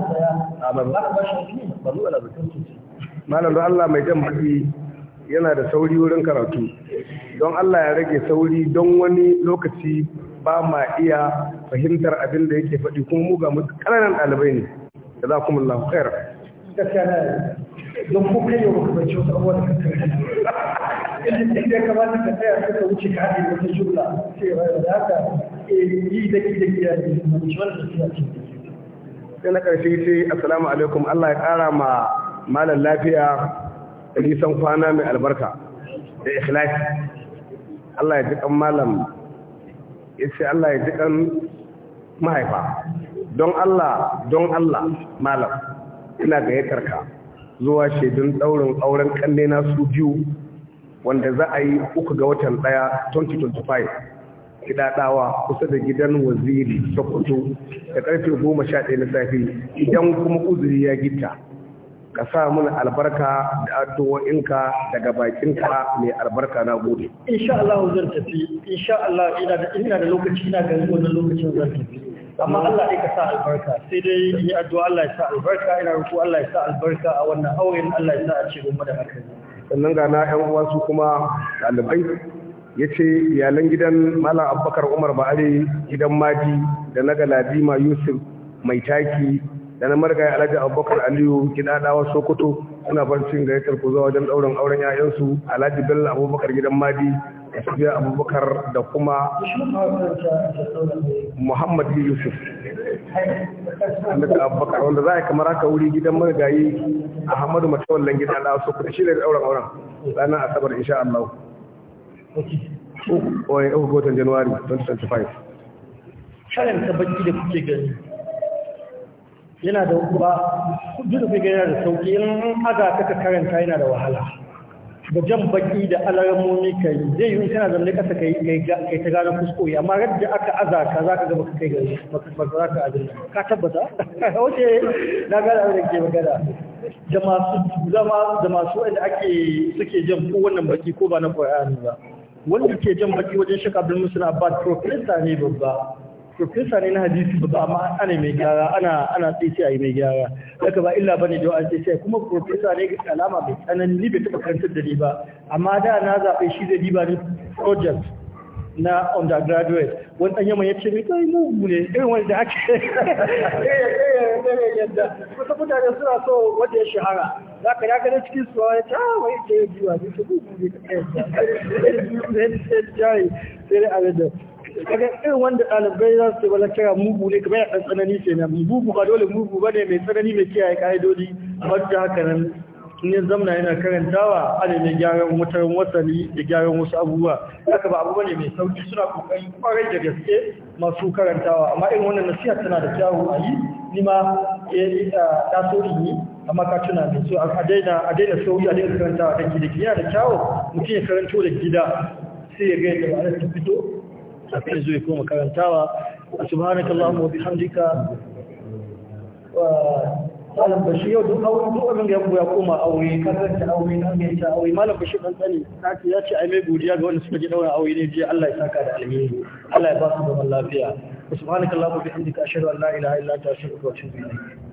mallam don Allah mai jan baki yana da sauri wurin karatu don Allah ya rage sauri don wani lokaci ba ma iya fahimtar abin da yake faɗi kuma mu ga ƙananan ɗalibai ne da za kuma lafiya. don ko kai yau baka bace wasu abubuwa da kai inda duk ya kamata ka tsaya ka ka wuce ka haɗe wata jumla sai ba da haka eh, yi da ki da ki da ji mun ci wannan tafiya ce sai na ƙarshe sai assalamu alaikum Allah ya ƙara ma malam lafiya nisan kwana mai albarka da ikhlasi Allah ya ji malam ya ce Allah ya ji mahaifa don Allah don Allah malam ina gayyatar ka zuwa shaidun ɗaurin auren kalle na su biyu wanda za a yi uku ga watan ɗaya 2025 kidaɗawa kusa da gidan waziri sokoto da ƙarfe goma sha ɗaya na safe idan kuma uzuri ya gita ka sa mun albarka da addu'o'inka daga bakinka mai albarka na gode insha Allah zan tafi insha Allah ina da lokaci ina ga wannan lokacin zan tafi amma Allah ya sa albarka sai dai in yi addu'a Allah ya sa albarka ina roƙo Allah ya sa albarka a wannan auren Allah ya sa a ce mu da haka sannan ga na 'yan uwa su kuma ɗalibai ya ce iyalan gidan malam abubakar umar ba'ari gidan maji da na galadima yusuf mai taki da na marga alhaji abubakar aliyu kiɗaɗawa sokoto suna farcin gayyatar ku zuwa wajen ɗaurin auren 'ya'yansu alhaji bello abubakar gidan maji da tafiya abubakar da kuma muhammad yusuf abubakar wanda za a yi kamar haka wuri gidan marigayi ahmadu matawallan gida na wasu ku shi da auren auren ranar asabar insha Allah uku yau watan januwari 2025 sharan ta baki da kuke gani yana da ba duk da kuke gani yana da sauki in aga ta karanta yana da wahala da jan baki da alamomi kai zai yi kana zamne kasa kai kai ta gano kuskure amma radda aka azaka za ka ga baka kai gari ba za ka ajin ka tabbata wace na gada abin da ke magana da masu zama da masu ake suke jan ko wannan baki ko ba na Qur'ani ba wanda ke jan baki wajen shaka Abdul Musa Abbas profesa ne babba profesa ne na hadisi ba amma ana mai gyara ana ana a ai mai gyara daga ba illa bane da an sai kuma profesa ne ga alama mai tsanani ni bai taba karantar da ni ba amma da na zabe shi zai diba ni project na undergraduate wani ɗan yamma ya ce mai kai mu ne irin wani da ake eh, eh, eh, yadda mutane suna so wanda ya shahara za ka dakatar cikin suwa ya ta ah, wai ce ya biyu a ta mugu ne ka kai sai dai a yadda kaga irin wanda ɗalibai za su ce wala kira mugu ne kamar ɗan tsanani ke nan mugu ba dole mugu ba ne mai tsanani mai kiyaye ka'idodi wadda haka nan ne zamna yana karantawa ana mai gyaran wutar wasanni da gyaran wasu abubuwa haka ba abubuwa ne mai sauki suna kokari kwarai da gaske masu karantawa amma irin wannan nasiha tana da kyawu a yi ni ma ta eh, eh, so in yi amma ka tuna da so a daina a daina sauki a daina karantawa da gida yana da kyawu mutum ya karanto da gida sai ya ga yadda ta fito a zo kuma koma karantawa subhanakallahumma bihamdika wa malam bashi yau duk aure duk abin da ya koma aure karanta aure na mai ta aure malam bashi dan tsani kace ya ce ai mai godiya ga wanda suka ji daura aure ne jiya Allah ya saka da alheri Allah ya ba su zaman lafiya subhanakallahumma bihamdika ashhadu an la ilaha illa anta astaghfiruka wa atubu ilayk